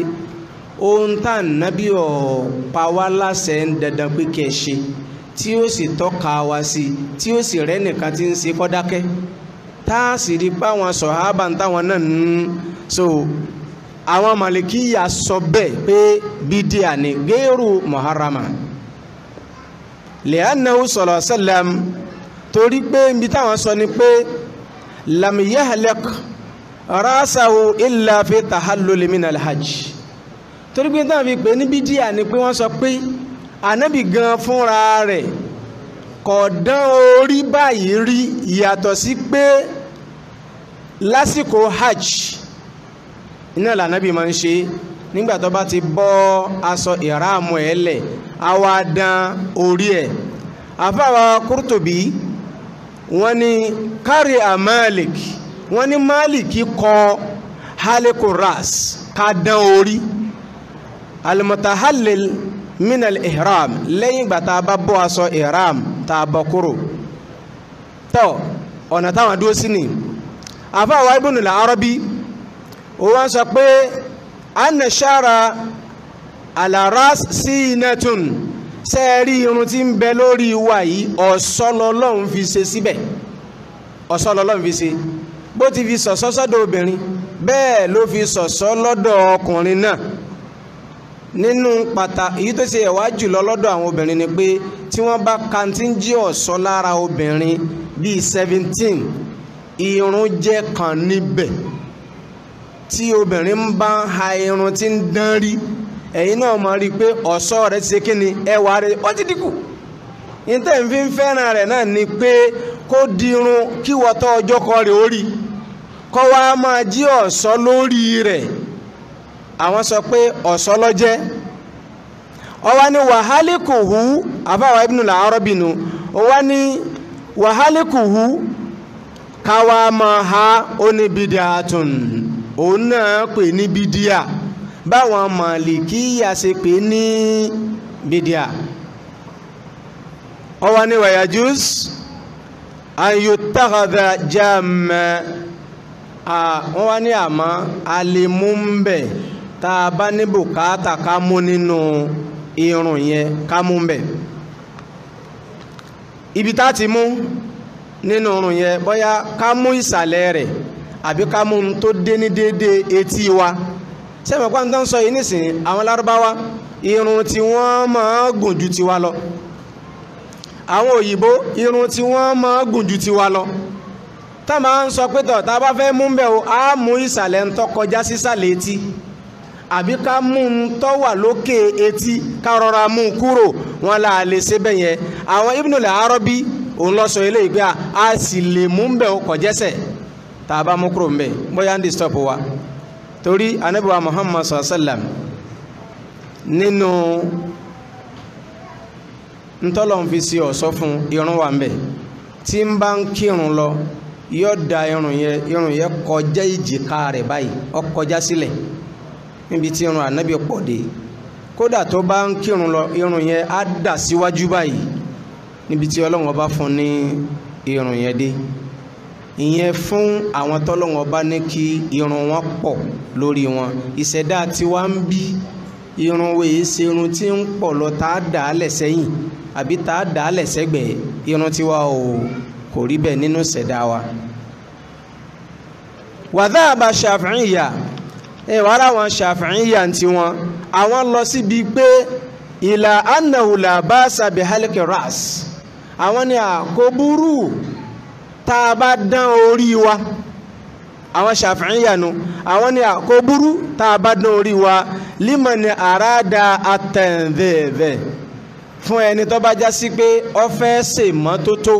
ohun tá à ń nábì ọ̀ pa wá láṣẹ ń dandan pé kẹ́ ẹ ṣe tí ó sì tọ́ka wa sí tí ó sì rẹ́ nìkan tí ń ṣe kọ́dákẹ́ tá a sì rí pé sọ̀hábà ń táwọn náà ń so àwọn màlìkíyà sọ bẹ́ẹ̀ pé bídíà ni géèrú muharama lẹ́yìnáwó sọ̀rọ̀ sẹ́lẹ̀m torí pé ibi táwọn sọ ni pé lamiyahalek rasahu illa fi tahallul min alhajj torí pé táwọn fi pè ní bídíà ni pé wọ́n sọ pé ànábì gan fúnra rẹ̀ kò dán orí báyìí rí ìyàtọ̀ sí pé lásìkò hajj iná lànàbì máa ń ṣe nígbà tó bá ti bọ́ aṣọ ìráàmù ẹ̀ lẹ̀ á wá dán orí ẹ̀ àfàwà Qurtubi wọ́n ní kárí amalik wọ́n ní maliki kọ halikuras ká dán orí alimutahallil minal ihram lẹ́yìn ìgbà tá a bá bọ́ aṣọ ihram tá a bọ́ kúrò tọ́ ọ̀nà táwọn dúró sí ni àfáàwá ibùnú làárọ́bí wọ́n sọ pé anna ṣára alaras sí inetun sẹ́ẹ̀rí irun tí ń bẹ lórí wa yìí ọ̀sọ́lọ́lọ́run fi ṣe síbẹ̀ ọ̀sọ́lọ́lọ́run fi ṣe bó ti fi sọ̀sọ́ sọ́dọ̀ obìnrin bẹ́ẹ̀ ló fi sọ̀sọ́ lọ́dọ̀ ọkùnrin náà nínú pata èyí tó ṣe ẹ̀wá jùlọ lọ́dọ̀ àwọn obìnrin ni pé tí wọ́n bá jí ọ̀sọ́ lára obìnrin bíi seventeen irun jẹ́ kan níbẹ̀ tí obìnrin ń bá ha irun tí ń dán rí ẹ̀yin náà mọ̀ rí i pé ọ̀sọ́ rẹ̀ ti ṣe kí ni ẹwà rẹ̀ ó ti dínkù níta ń fi fẹ́ràn rẹ̀ náà ni pé kó dirun kí wọ́tọ́ ọjọ́ kọ rẹ̀ ó rí kọ́ wa máa jí ọ̀sọ́ lórí rẹ̀ àwọn sọ pé ọ̀sọ́ lọ́jẹ́ ọwá ní wàhálìkùhù àbáwá ibn al-Arabinu ọwá ní wàhálìkùhù káwá máa ha oníbìdíàtùn òun náà pè ní bídíà báwọn màlìkíyà ṣe pè ní bídíà ọwá ní wàyájúz ayòtàkàdà jáàmẹ́ wọ́n wá ní àmọ́ alẹ́mú ń bẹ̀ tá a bá ní bùkátà ká mú nínú irun yẹn ká mú bẹ̀ ibi tá a ti mú nínú irun yẹn bóyá ká mú ìsàlẹ̀ rẹ̀ àbí ká mú un tó dé ní déédéé etí wa sẹ́mi ọ̀pá nǹkan sọ yìí nísìnyí àwọn lárúbáwá irun tí wọ́n máa gùn ju tiwa lọ àwọn òyìnbó irun tí wọ́n máa gùn ju tiwa lọ tá máa ń sọ pé tọ̀ tá a bá fẹ́ mú bẹ́ẹ̀ o á mú ìsàlẹ̀ ń tọ́ kọjá sísàlẹ̀ etí àbí ká mú un tó wà lókè etí ká rọra mú un kúrò wọn là lè ṣe bẹ́ẹ̀ yẹn àwọn Ibn al-Arabi òun lọ sọ eléyìí pé a sì lè mú un bẹ̀ ọkọ̀ jẹ́sẹ̀ tá a bá mú kúrò ń bóyá ń disturb wa torí anabiwa Muhammad sallam nínú ntọ́lọ́n fi sí ọ̀sọ́ fún irun wa ń bẹ̀ tí ń bá ń kírun lọ yóò da irun yẹn irun yẹn kọjá ìjìká rẹ̀ báyìí ó sílẹ̀ níbi tí irun ànábì pọ̀ dé kódà tó bá ń kírun lọ irun yẹn á dà síwájú báyìí níbi tí ọlọ́run ọba fún ní irun yẹn dé ìyẹn fún àwọn tọ́lọ́run ọba ní kí irun wọn pọ̀ lórí wọn ìṣẹ̀dá tiwa ń bí irun wo yìí ṣe irun tí ń pọ̀ lọ tá a dà á lẹ̀ sẹ́yìn àbí tá a dà á lẹ̀ sẹ́gbẹ̀ẹ́ irun tiwa ò kò rí bẹ́ẹ̀ nínú ìṣẹ̀dá wa. wàdà àbá ṣàfihàn ìyá ìwà ara wọn ṣàfihàn tí wọn àwọn lọ síbi pé ìlà anahula bá sàbẹ̀ halki ras àwọn ni àkóbúrú tá a bá dán orí wa àwọn ṣàfihàn àwọn ni àkóbúrú tá a bá dán orí wa límọ̀ ni àràdà àtẹ̀ǹdẹ̀ẹ̀dẹ̀ fún ẹni tó bá já sí pé ó fẹ́ ṣèmọ́tótó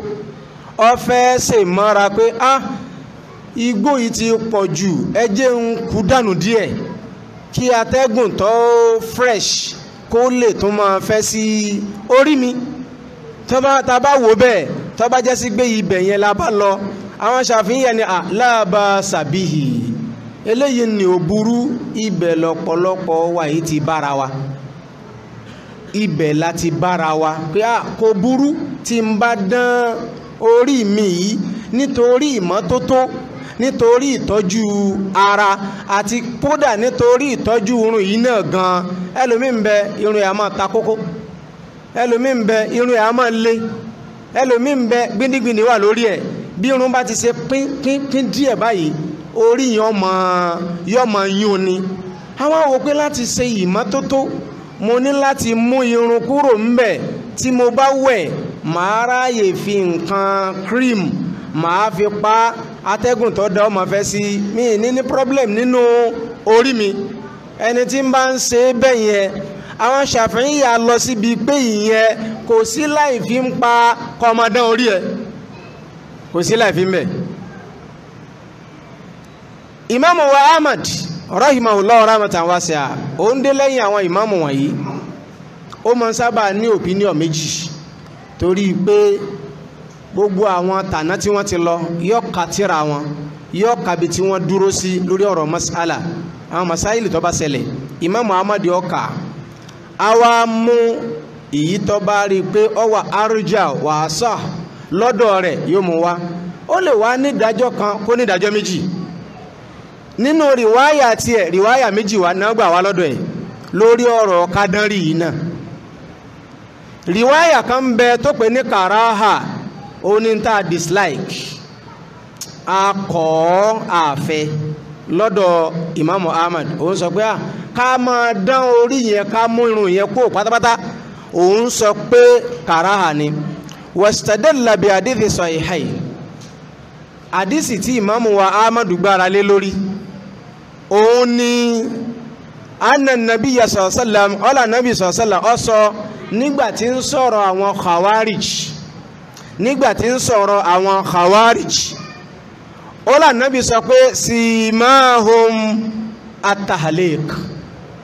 ó fẹ́ ṣèmọ́ra pé ah igbó yìí ti pọ̀ jù ẹ jẹ́ ń kú dànù díẹ̀ kí atẹ́gùn tó fresh kó lè tún máa fẹ́ sí orí mi tá bá wò bẹ́ẹ̀ tó bá jẹ́ sí gbé ibẹ̀ yẹn la bá lọ àwọn ṣàfihàn ni àlábà sàbíhì eléyìí ni ò burú ibẹ̀ lọ́pọ̀lọpọ̀ wa yìí ti bára wa ibẹ̀ la ti bára wa pé à kò burú tí n bá dán orí mi yìí nítorí ìmọ́tótó nítorí ìtọ́jú ara àti kódà nítorí ìtọ́jú irun yìí náà gan-an ẹlòmíín bẹ irun ẹ̀ á máa ta kókó ẹlòmíín bẹ irun ẹ̀ á máa le ẹlòmíín bẹ gbindigbindi wà lórí ẹ̀ bí irun bá ti ṣe pín pín pín díẹ̀ báyìí orí yẹn mọ yọ mọ yún ni àwọn àwò pé láti ṣe ìmọ́tótó mo ní láti mú irun kúrò ńbẹ̀ tí mo bá wẹ̀ màá ráàyè fi nǹkan cream màá fi pa á atẹ́gùn tó da ọmọ fẹ́ sí mi ní ní problem nínú orí mi ẹni tí ń bá ń ṣe bẹ́ẹ̀ yẹn àwọn ṣàfihàn yà lọ síbi pé ìyẹn kò sí láì fi ń pa kọmọdán orí ẹ kò sí láì fi ń bẹ̀. ìmáàmù wa Ahmad rahimahullah rahmatan wasi'a ó ń dé lẹ́yìn àwọn ìmáàmù wọ̀nyí ó máa ń sábà ní opinion méjì torí pé gbogbo àwọn tàná tí wọ́n ti lọ yóò ka tírà wọn yóò kàbi tí wọ́n dúró sí lórí ọ̀rọ̀ masala àwọn masáìlì tó bá ṣẹlẹ̀ Imam Muhammad ọkà àwa mú èyí tó bá rí i pé ọ wà arújà wàásà lọ́dọ̀ rẹ̀ yóò mú wá ó lè wá nídàájọ́ kan kó nídàájọ́ méjì nínú rìwáyà tiẹ̀ rìwáyà méjì wà náà gbà wá lọ́dọ̀ ẹ̀ lórí ọ̀rọ̀ kádánrì yìí náà rìwáyà kan bẹ tó pè ní kàráhà ó ní tá dislike a kọ́ àfẹ́ lọ́dọ̀ Imam Ahmad òun sọ pé ah, ká máa dán orí yẹn ká mú irun yẹn kó pátápátá òun sọ pé kàráhà ni wastadalla bi hadithi sahihai àdìsí tí Imam wa Ahmad gbára lé lórí òun ni anna nabiya sallallahu alaihi wasallam ọlà nabi sallallahu alaihi wasallam ó sọ nígbà tí ń sọ̀rọ̀ àwọn khawarij nígbà tí ń sọ̀rọ̀ àwọn khawarij ó lànàbí sọ pé simahum atahalek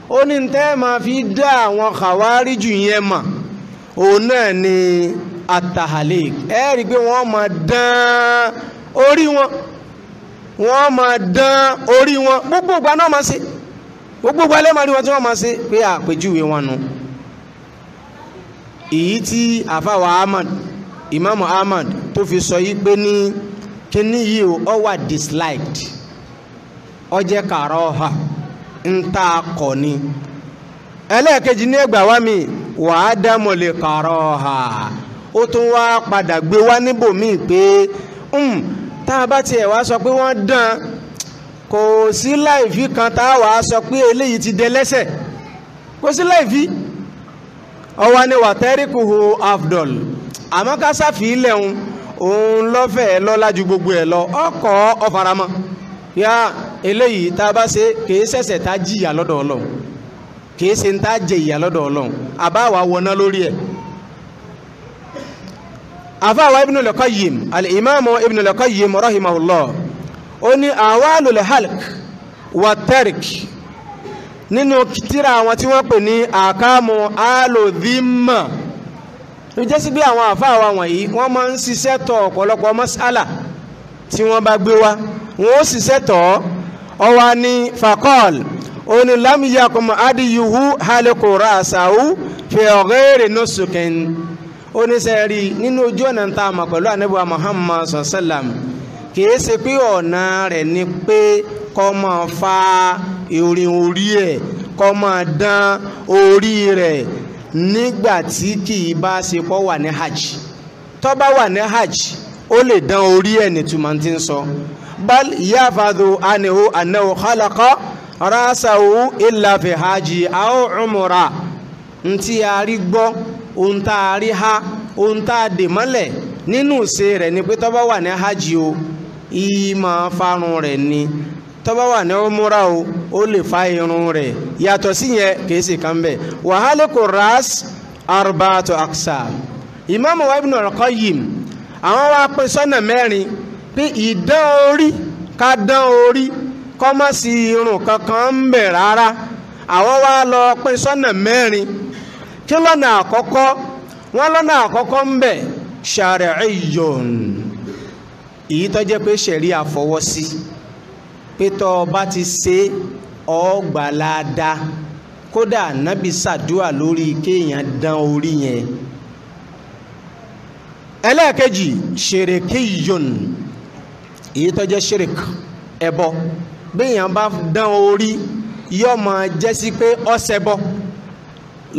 ó ní tẹ́ ma fi dá àwọn khawarij yẹn mà òun náà ni atahalek ẹ rí i pé wọ́n ma dán orí wọn wọ́n ma dán orí wọn gbogbo ìgbà náà ma ṣe gbogbo ìgbà lẹ́ẹ̀ma rí wọn tí wọ́n ma ṣe pé àpèjúwe wọn nu èyí tí àfàwọ̀ ahmad imam ahmad tó fi sọ yí pé ní kíní yìí ó wà disliked ó jẹ́ kàrọ́ọ̀hà ń tá kọ ni ẹlẹ́ẹ̀kejì ní ẹgbà wá mi wàá dámọ̀ lè kàrọ́ọ̀hà ó tún wá padà gbé wá níbòmíì pé tá a bá tiẹ̀ wá sọ pé wọ́n dán kò sí láìfí kan tá a wàá sọ pé eléyìí ti dẹlẹ́sẹ̀ kò sí láìfí ọwọ́ ni hu afdol àmọ́ ká sáfìlẹ̀ ń òun lọ́fẹ̀ẹ́ lọ́lá ju gbogbo ẹ̀ lọ ọkọ̀ ọ̀faramọ́ yá eléyìí tá a bá ṣe kìí ṣẹ̀ṣẹ̀ tá a jìyà lọ́dọ̀ ọlọ́run kìí ṣe ń tá a jẹ ìyà lọ́dọ̀ ọlọ́run àbáwa wọná lórí ẹ̀ àfáàwá ibn al-qayyim al-imam ibn al-qayyim rahimahullah ó ní awalul halq wa tarik nínú tíra àwọn tí wọ́n pè ní àkàmù alòdìmọ̀ ló jẹ́ sí pé àwọn àfa wa wọ̀nyí wọ́n máa ń ṣiṣẹ́ tọ̀ ọ̀pọ̀lọpọ̀ mọ́sálà tí wọ́n bá gbé wá wọn ó ṣiṣẹ́ tọ̀ ọwọ́ ni fakọ́l òní lámìyàkùnmọ́ adìyúhu halekora àṣàwù fẹ̀ọ́gẹ́rẹ́ nọ́sùkẹ́n oníṣẹ́rí nínú ojú ọ̀nà tá a mọ̀ pẹ̀lú ànábì Muhammad sallam kìí ṣe pé ọ̀nà rẹ̀ ni pé kọ́ máa fa ìrìn orí ẹ̀ kọ́ máa dán orí rẹ̀ nígbà tí bá ṣe pọ́ wà ní hajj tó bá wà ní hajj ó lè dán orí ẹ̀ ní túmọ̀ tí ń sọ bal yafadhu anihu anahu khalaqa rasahu illa hajj aw umra ntí a rí gbọ́ ohun tá a rí ha ohun tá hajj o farun rẹ̀ ni bá wà ní o. ó lè fa irun rẹ̀ yàtọ̀ sí yẹn kìí sì kan bẹ̀ wàhálà kò ras arbaatu aksa ìmáàmù wa àwọn wa pín sọ́nà mẹ́rin pé ìdán orí ká dán orí kọ́ má irun kankan ń bẹ̀ rárá àwọn wa lọ pín sọ́nà mẹ́rin kí lọ́nà àkọ́kọ́ wọ́n lọ́nà àkọ́kọ́ ń bẹ̀ ṣàrẹ̀ẹ́yọ̀n èyí tó jẹ́ pé ṣẹ̀rí àfọwọ́sí pé tó bá ti ṣe ọgbàláda kódà nábì ṣàdúà lórí kéèyàn dán orí yẹn ẹlẹ́ẹ̀kejì ṣèrèké yòn èyí tó jẹ́ ṣèrèk ẹbọ béèyàn bá dán orí yóò máa jẹ́ sí pé ọ̀sẹ̀bọ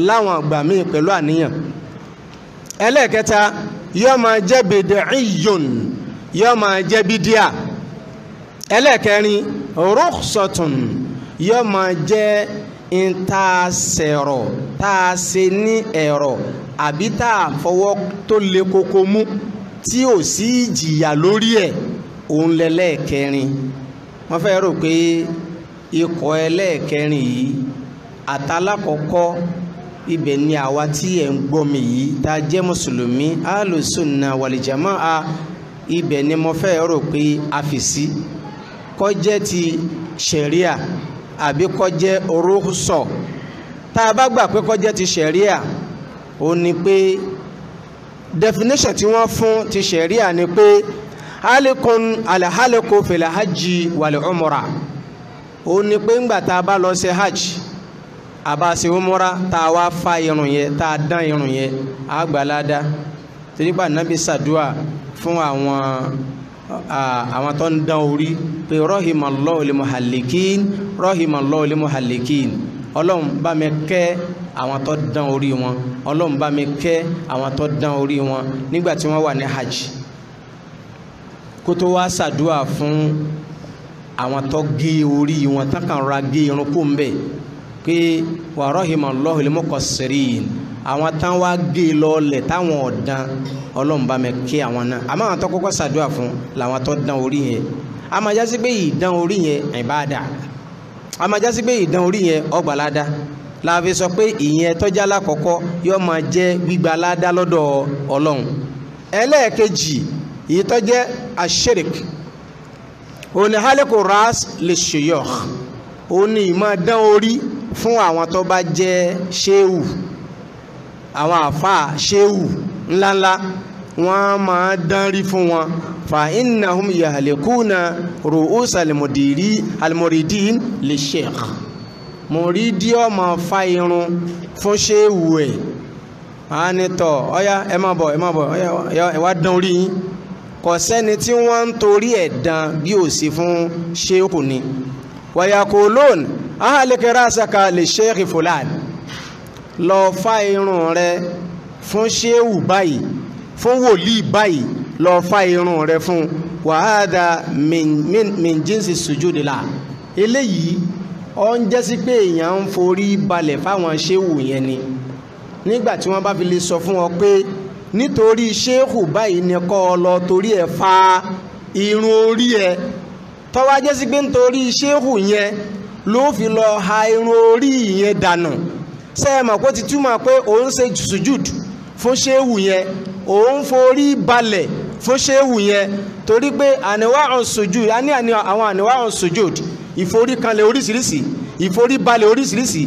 láwọn àgbà míì pẹ̀lú àníyàn ẹlẹ́ẹ̀kẹta yóò máa jẹ́ bèdè yòn yóò máa jẹ́ bídíà ẹlẹ́ẹ̀kẹrin rúkṣọ̀tún yóò máa jẹ́ n tá a sẹ̀rọ̀ tá ní ẹ̀rọ àbí tá a tó le koko mú tí ò sí ìjìyà lórí ẹ̀ òun lẹ́lẹ́ẹ̀kẹrin wọ́n fẹ́ rò pé ikọ̀ ẹlẹ́ẹ̀kẹrin yìí àtàlákọ̀ọ́kọ́ ibẹ̀ ni àwa tí ẹ̀ ń gbọ́ yìí tá a jẹ́ mùsùlùmí alùsùnà wàlìjàmá a ibẹ̀ ni mo fẹ́ rò pé a fi sí kọjẹ́ ti ṣẹ̀ríà àbí kó jẹ́ orúkúsọ tá a bá gbà pé kó ti ṣẹ̀ríà ó ní pé definition tí wọ́n fún ti ṣẹ̀ríà ni pé alikun alahaliku filahaji wàlẹ̀ umura ó ní pé ńgbà tá a bá lọ ṣe hajj àbá ṣe umura tá a wá fa irun yẹn tá a dán irun yẹn àgbàládá torípa nàbí sàdúà fún àwọn àwọn tó ń dán orí pé rahimallahu lil muhallikin rahimallahu lil muhallikin ọlọ́run bá mi kẹ́ àwọn tó dán orí wọn ọlọ́run bá mi kẹ́ àwọn tó dán orí wọn nígbà tí wọ́n wà ní hajj kó tó wá ṣàdúrà fún àwọn tó gé orí wọn tán kàn ra gé irun kó ń bẹ̀ pé wa rahimallahu lil muqassirin àwọn tán wá gé e lọ́ọ̀lẹ̀ táwọn ọ̀dàn ọlọ́run bá mi kí àwọn náà àmọ́ àwọn tó kọ́kọ́ ṣàdúrà fún làwọn tó dán orí yẹn amajasi pé ìdán orí yẹn ìbáàdà amajasi pé ìdán orí yẹn ọgbàládá láàfin sọ pé ìyẹn tọ́jà lákọ̀ọ́kọ́ yóò máa jẹ́ gbígbàládá lọ́dọ̀ ọlọ́run ẹlẹ́ẹ̀kejì èyí tó jẹ́ asherik òní hálẹ́kù ras lè ṣèyọ̀ òní ìmọ̀ dán orí fún àwọn tó bá jẹ́ ṣéwù àwọn àfáà ṣéwù ńláńlá wọ́n máa dánrí fún wọn fa innahum yahlikuna ru'us almudiri almuridin li sheikh muridi ọmọ fa irun fún ṣéwù ẹ̀ àánitọ̀ ọ̀yá ẹ má bọ̀ ẹ má bọ̀ ọ̀yá ẹ wá dán orí yín kò sẹ́ni tí wọ́n ń torí ẹ̀ dán bí ó sì fún ṣéwù ni wàyàkó lónìí ahalekera saka li sheikh fulan lọ fá irun rẹ fún ṣéwù báyìí fún wòlíì báyìí lọ fá irun rẹ fún wàhádà mìjíǹsì sùjúdìlà eléyìí ọ ń jẹ́ sí pé èèyàn ń forí balẹ̀ fáwọn ṣéwù yẹn ni nígbà tí wọ́n bá fi lè sọ fún ọ pé nítorí ṣéhù báyìí ni kọ́ ọ lọ torí ẹ̀ fa irun orí ẹ tọ́wá jẹ́ sí pé nítorí ṣéhù yẹn ló fi lọ ha irun orí yẹn dànù ṣe é mọ̀ kó ti túmọ̀ pé òun ṣe sujud fún ṣéwù yẹn òun forí balẹ̀ fún ṣéwù yẹn torí pé àníwá ọ̀n sujud a ní àwọn àníwá ọ̀n sujud ìforíkanlẹ̀ oríṣiríṣi ìforíbalẹ̀ oríṣiríṣi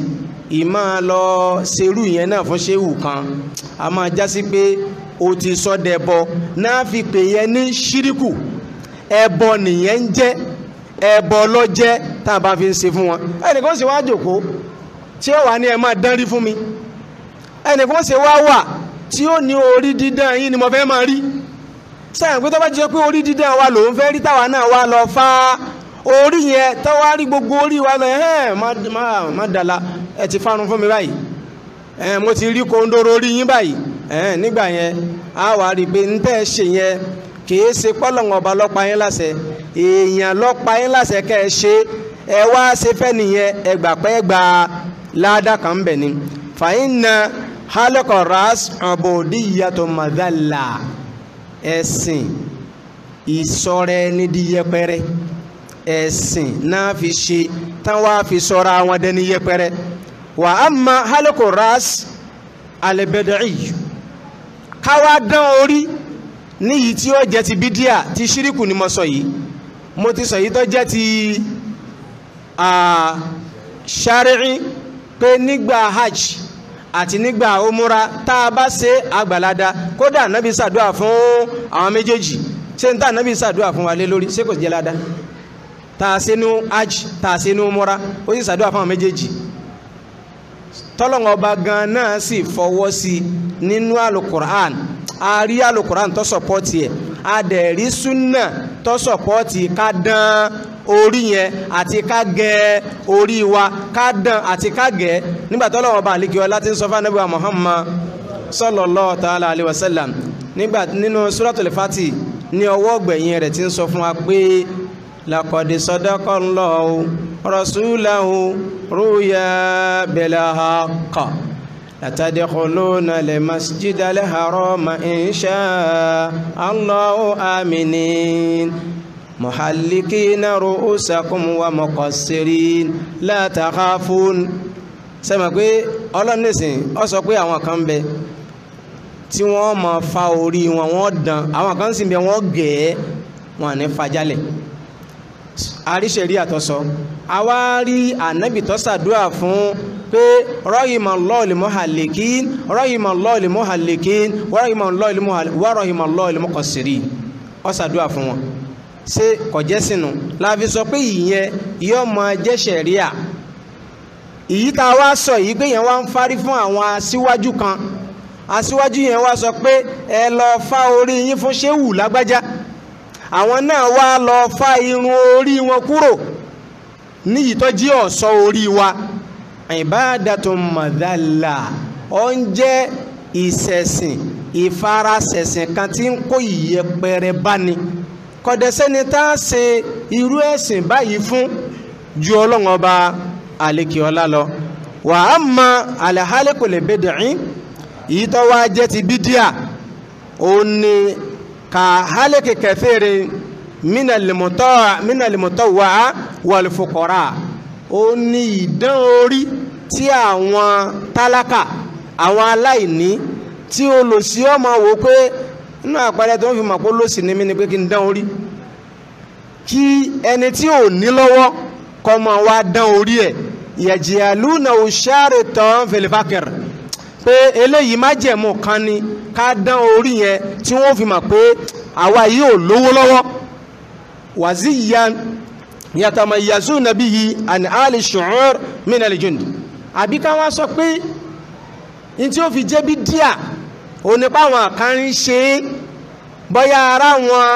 ìmọ̀ lọ ṣerú yẹn náà fún ṣéwù kan a máa jásí pé o ti sọdẹ bọ náà fi pè yẹn ní ṣíríkù ẹbọ nìyẹn ń jẹ ẹbọ lọ jẹ tá a bá fi ń ṣe fún wọn ẹnìkan sì wá jòkó tí ó wà ní ẹ máa fún mi ẹnì kan ṣe wà tí ó ní orí dídán yín ni mo fẹ́ máa rí sẹ́yìn pé tó bá jẹ́ pé orí dídán wa lòun fẹ́ rí táwa náà wa lọ fa orí yẹn tó rí gbogbo orí wa lọ ẹ̀ má dàla ẹ ti fún mi báyìí mo ti rí kóńdóró yín báyìí nígbà yẹn a wà rí pé ń tẹ́ ṣe yẹn ọba yín láṣẹ èèyàn yín láṣẹ kẹ́ ẹ ṣe ẹ wá láàdá kan bẹ̀ ni fàyínà halakọ̀ ras ọ̀bọ̀díyàtọ̀ madalla ẹ̀sìn ìsọ̀rẹ́ nídìí yẹpẹrẹ ẹ̀sìn náà fi ṣe tán wá fi sọ̀rọ̀ àwọn dẹni wà á ma halakọ̀ ras alẹ́bẹ̀dẹ̀ì káwá dán orí níyìí tí ó jẹ́ ti bídíà ti ṣíríkù ni mo sọ yìí mo ti sọ yìí tó jẹ́ ti ṣárí'í. Uh, pé nígbà hajj àti nígbà omura tá a bá ṣe àgbàlada kódà nábì ṣàdúrà fún àwọn méjèèjì ṣé n ta nábì ṣàdúrà fún wa lé lórí ṣé kò jẹ́ ládàá tá a ṣe ní hajj tá a ṣe ní omura ó sì ṣàdúrà fún àwọn méjèèjì tọ́lọ́wọ́n ọba gan náà sì fọwọ́ sí nínú alukur'an a rí alukur'an tó sọ̀pọ́tì ẹ̀ a dẹ̀ rí súnà tó sọ̀pọ́tì ká dán orí yẹn àti ká gẹ orí wa ká dán àti ká gẹ nígbà tọ́lọ́wọ́n àlekí ọlá ti ń sọ fún anábíwá Muhammad sallallahu ta'ala alayhi wa sallam nígbà nínú suratul fati ní ọwọ́ ọ̀gbẹ̀yìn rẹ̀ ti ń sọ fún wa pé. لقد صدق الله رسوله رؤيا بلا بالحق لتدخلون لمسجد الحرام إن شاء الله آمنين محلقين رؤوسكم ومقصرين لا تخافون sẹ́mi pé نسين nìsín ọ sọ pé àwọn kan bẹ tí wọ́n máa fa orí wọn wọ́n dán àwọn kan sì àríṣẹ̀rí àtọ́sọ àwa rí ànábì tó ṣàdúrà fún pé rọ́hìmọ̀ lọ́ọ̀lì mọ́hàlẹ́kí rọ́hìmọ̀ lọ́ọ̀lì mọ́hàlẹ́kí wọ́rọ̀hìmọ̀ lọ́ọ̀lì wọ́rọ̀hìmọ̀ lọ́ọ̀lì mọ́kọ̀sìrì ó ṣàdúrà fún wọn ṣé kò sínú la fi sọ pé ìyẹn yóò máa jẹ́ ṣẹ̀ríà èyí tá a wá sọ yìí pé yẹn wá ń fárí fún àwọn aṣíwájú kan aṣíwájú yẹn wá sọ pé ẹ lọ fá orí yín fún ṣéwù lágbájá àwọn náà wá lọ fá irun orí wọn kúrò ní ìtọ́jú ọ̀ṣọ́ orí wa ìbáàdàtún mọ̀dálà ó ń jẹ́ ìṣẹ̀sìn ìfarasẹ̀sìn kan tí ń kó ìyẹpẹrẹ báni kọ̀dẹ̀sẹ́ni tá a ṣe irú ẹ̀sìn báyìí fún ju ọlọ́run ọba àlekìọ́lá lọ wà á mọ àlàhálẹ́ kò lè ti bídíà ó ní ka haliki kathiri mina limutawwa walfukora ó ní ìdán orí tí àwọn tálákà àwọn aláìní tí ó lò sí ọmọ wò pé inú àpẹẹrẹ tí wọ́n fi mọ̀ pé ló sì ní mí ni pé kí n dán orí kí ẹni tí ò ní lọ́wọ́ kọ́ mọ̀ wá dán orí ẹ̀ yẹ̀jìyàlú náà ò ṣáàrè tán fèlèfàkẹ̀rẹ̀ pé eléyìí májẹ̀mú kan ni ká dán orí yẹn tí wọ́n fi mọ̀ pé àwa yìí ò lówó lọ́wọ́ waziyan yàtàmàyàzú nàbí yìí àni àlè ṣùgbọ́n mìíràn lè jùndù àbí ká wá sọ pé n tí ó fi jẹ́ bí díà ò ní páwọn kan ń ṣe é bọ́yá ara wọn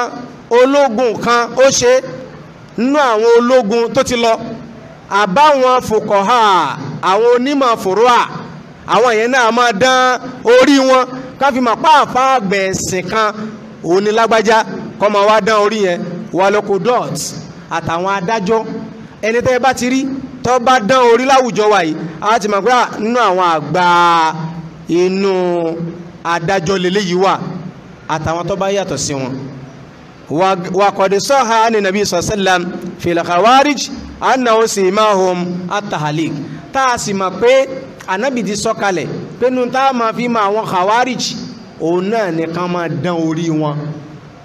ológun kan ó ṣe nínú àwọn ológun tó ti lọ àbáwọn fòkọ̀hà àwọn onímọ̀ fòrọ́à àwọn yẹn náà máa dán orí wọn ká fi mọ̀ páàfà àgbẹ̀sìn kan òun ni lágbájá kọ́ máa wá dán orí yẹn wà lóko dọ́ọ̀t àtàwọn adájọ́ ẹni tẹ́ bá ti rí tó bá dán orí láwùjọ wa yìí a ti mọ̀ pé nínú àwọn àgbà inú adájọ́ lélẹ́yìí wà àtàwọn tó bá yàtọ̀ sí wọn wakọ̀dé sọ́ha ní nàbí sọ̀sẹ́lẹ̀m fìlàkàwárìj annáwó sì máa hùm àtàhálì tá a sì mọ̀ pé anabi ti sọ̀kalẹ̀ pẹnu tá a máa fi mọ àwọn khawarij òun náà ni ká máa dán orí wọn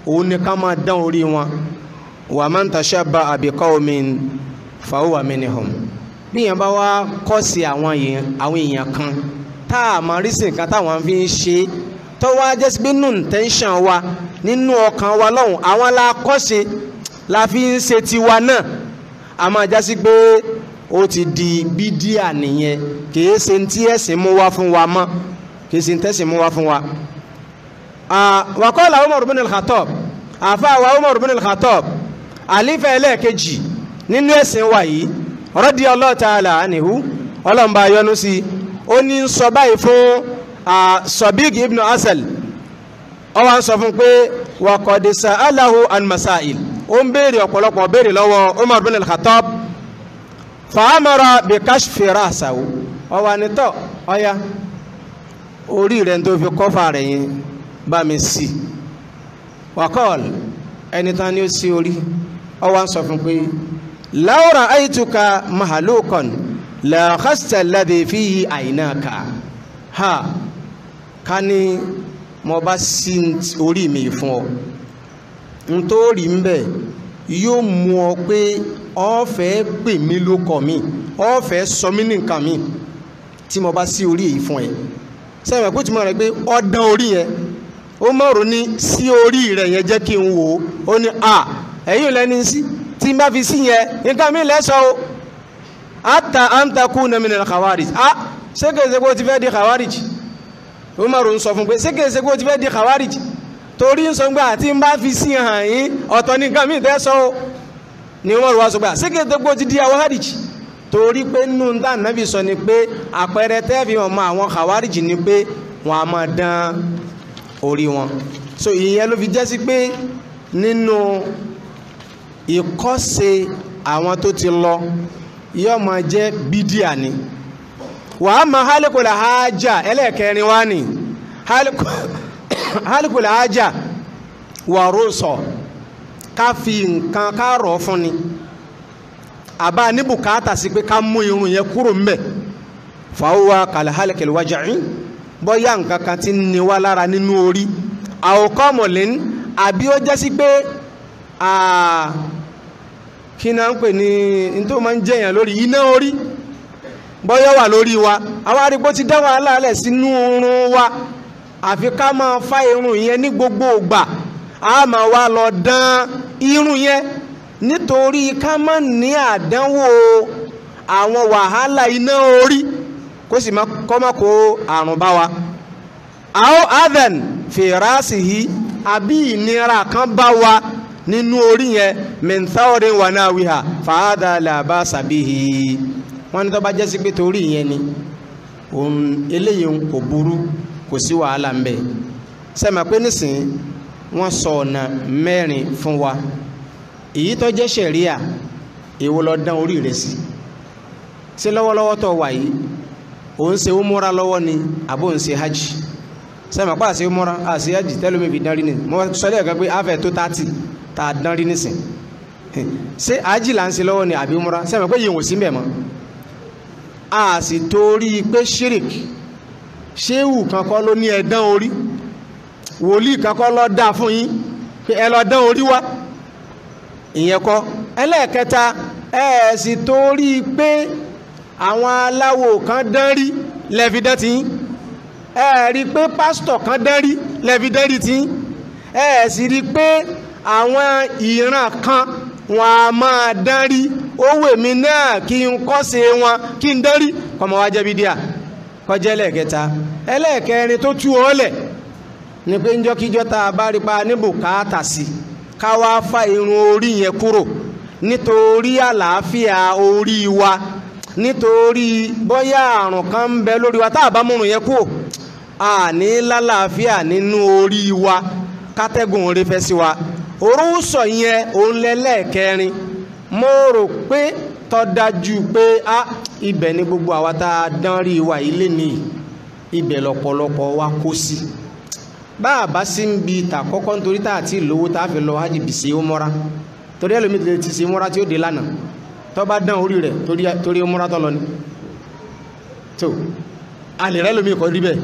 òun ni ká máa dán orí wọn wa man tashabbaha bi qawmin fa huwa minhum bí yẹn bá wá kọ́ sí àwọn èèyàn kan tá a máa rí sí nǹkan táwọn fi ń ṣe é tó wá jẹ́ sí pé nùn tẹ́ńṣàn wa nínú ọkàn wa lọ́hùn àwọn alákọ̀ọ́ṣe la fi ń ṣe tiwa náà a máa já pé ó ti di bídíà nìyẹn kìí ṣe ń tí ẹ̀sìn mú wá fún wa mọ́ kìí ṣe ń tẹ̀sìn mú wá fún wa. wàkọ́lá Umar bin al-Khattab àfàwà Umar bin al-Khattab àlífà ẹlẹ́ẹ̀kejì nínú ẹ̀sìn wa yìí radiyallahu ta'ala anhu ọlọ́mba yọ́nú sí i ó ní ń sọ báyìí fún Sabiq ibn Asal ó wá ń sọ fún pé wa qad sa'alahu ó ń béèrè ọ̀pọ̀lọpọ̀ béèrè lọ́wọ́ Umar bin al-Khattab fa amara bi ọwà nítọ̀ ọya orí rẹ̀ tó fi kọ́fà rẹ̀ yẹn bá mi sí wakọ́ọ̀lù ẹni tán ni ó sí orí ọwà ń sọ fún pé láwùrán àyítúka mahalukon làkàṣà lábẹ́ fi yí àyínà ká ha ká ní mo bá sí orí mi fún ọ n tó rí ń bẹ̀ yóò mú ọ pé ọ fẹ́ pè mí mi ọ fẹ́ sọ nìkan mi. Lo tí mo bá sí orí èyí fún ẹ sẹ́yìn ẹ̀kú tí mo rẹ̀ pé ọ̀dàn orí yẹn ó mọ̀rún ní sí orí rẹ̀ yẹn jẹ́ kí n wò ó ó ní à ẹ̀yìn lẹ́ni sí tí n bá fi sí yẹn nǹkan mi lẹ́sọ̀ o ata antaku namina khawarij a ṣégeṣe kó o ti fẹ́ di khawarij ó mọ̀rún sọ fún pé ṣégeṣe ti fẹ́ di khawarij torí ń sọ gbà tí n bá fi sí hàn yín ọ̀tọ̀ ní mi tẹ́ sọ o ni wọ́n rọ̀ wá sọ gbà ṣégeṣe ti di àwọn hadij torí pé nínú tá nàbì sọ ni pé àpẹẹrẹ tẹ́ẹ̀fì wọn mọ àwọn kàwárìjì ni pé wọn a máa dán orí wọn so ìyẹn ló fi jẹ́ sí pé nínú ìkọ́ṣe àwọn tó ti lọ yóò máa jẹ́ bídíà ni wàá máa hálíkòlà hájà ẹlẹ́ẹ̀kẹrin wá ni hálíkòlà hájà wàá rò sọ ká fi nǹkan ká rọ̀ fún ni. àbá ní bùkátà sí pé ká mú irun yẹn kúrò mbẹ̀ fàáwá kàlàhálẹ̀kẹ̀lẹ̀ wájà ń bọ́yá nǹkan kan ti ń ni wá lára nínú orí àwòkọ́ mọ̀lẹ́ni àbí ó jẹ sí pé kí náà ń pè ní tó máa ń jẹyàn lórí iná orí wà wa àwọn ti dá wàhálà sínú oorun wa àfi ká máa fa irun yẹn ní gbogbo a máa lọ dán irun yẹn nítorí ká má ní àdánwò àwọn wàhálà iná orí kó sì má kọ́ má kó àrùn bá wa. àwọn adhan fèrèsì yìí àbí ìnira kan bá wa nínú orí yẹn mẹ́ntàọ́rẹ́ wà náà wíhà fàádà làbá sàbíhì wọ́n ní tó bá jẹ́ sí pé torí yẹn ni òun eléyìí kò burú kò sí wàhálà ń bẹ sẹ́mi pé nísìnyí wọ́n sọ ọ̀nà mẹ́rin fún wa èyí tó jẹ́ ṣẹ̀ríà èwo lọ dán orí rẹ̀ sí ṣé lọ́wọ́lọ́wọ́ tó wà yìí ò ń ṣe umura lọ́wọ́ ni àbò ń ṣe hajj sẹ́mi àpá àṣe umura àṣe hajj tẹ́lómi fi dán rí ni mo sọ lẹ́yìn kan pé afẹ́ tó tààtì tá a dán rí nísìn ṣé hajj là ń ṣe lọ́wọ́ ni àbí umura sẹ́mi pé yìí wò sí mẹ́mọ́ a sì torí pé shirik ṣéwù kankan ló ní ẹ̀dán orí wòlíì kankan ló dá fún yín pé ẹ lọ dán orí wá ìyẹn kọ́ ẹlẹ́ẹ̀kẹta ẹ ẹ̀ sì torí pé àwọn aláwo kan dán rí lẹ́fi dán ti yín ẹ ẹ̀ rí pé pásítọ̀ kan dán rí lẹ́fi dán rí ti yín ẹ ẹ̀ sì rí pé àwọn ìran kan wọn a máa dán rí owó èmi náà kí n kọ́ ṣe wọn kí n dán rí kọ́mọ wa jẹ́ bídíà kọjá ẹlẹ́ẹ̀kẹta ẹlẹ́ẹ̀kẹrin tó tú ọ́ lẹ̀ ni pé ńjọ́kíjọ́ tá a bá rí pa ní sí i ká wá fa irun orí yẹn kúrò nítorí àlàáfíà orí wa nítorí bóyá àrùn kan ń bẹ lórí wa tá a bá múrun yẹn kúrò àní lálàáfíà nínú orí wa kátẹ́gùn orí fẹ́ sí wa orúsọ yẹn òun lẹ́lẹ́ẹ̀kẹrin mo rò pé tọ́dájú pé a ibẹ̀ ni gbogbo àwa tá a dán rí wa ilé nìyí ibẹ̀ lọ́pọ̀lọpọ̀ wa kó sí. Si bá a bá sí ń bi ta kọ́kọ́ nítorí tá a ti lówó tá a fi lọ hajj bìsí ó mọ́ra torí ẹlòmíì tó lè ti sí mọ́ra tí ó dé lánàá tó bá dán orí rẹ̀ torí ó mọ́ra tó lọ ni tó alẹ́ rẹ̀ lómi kọ́ rí bẹ́ẹ̀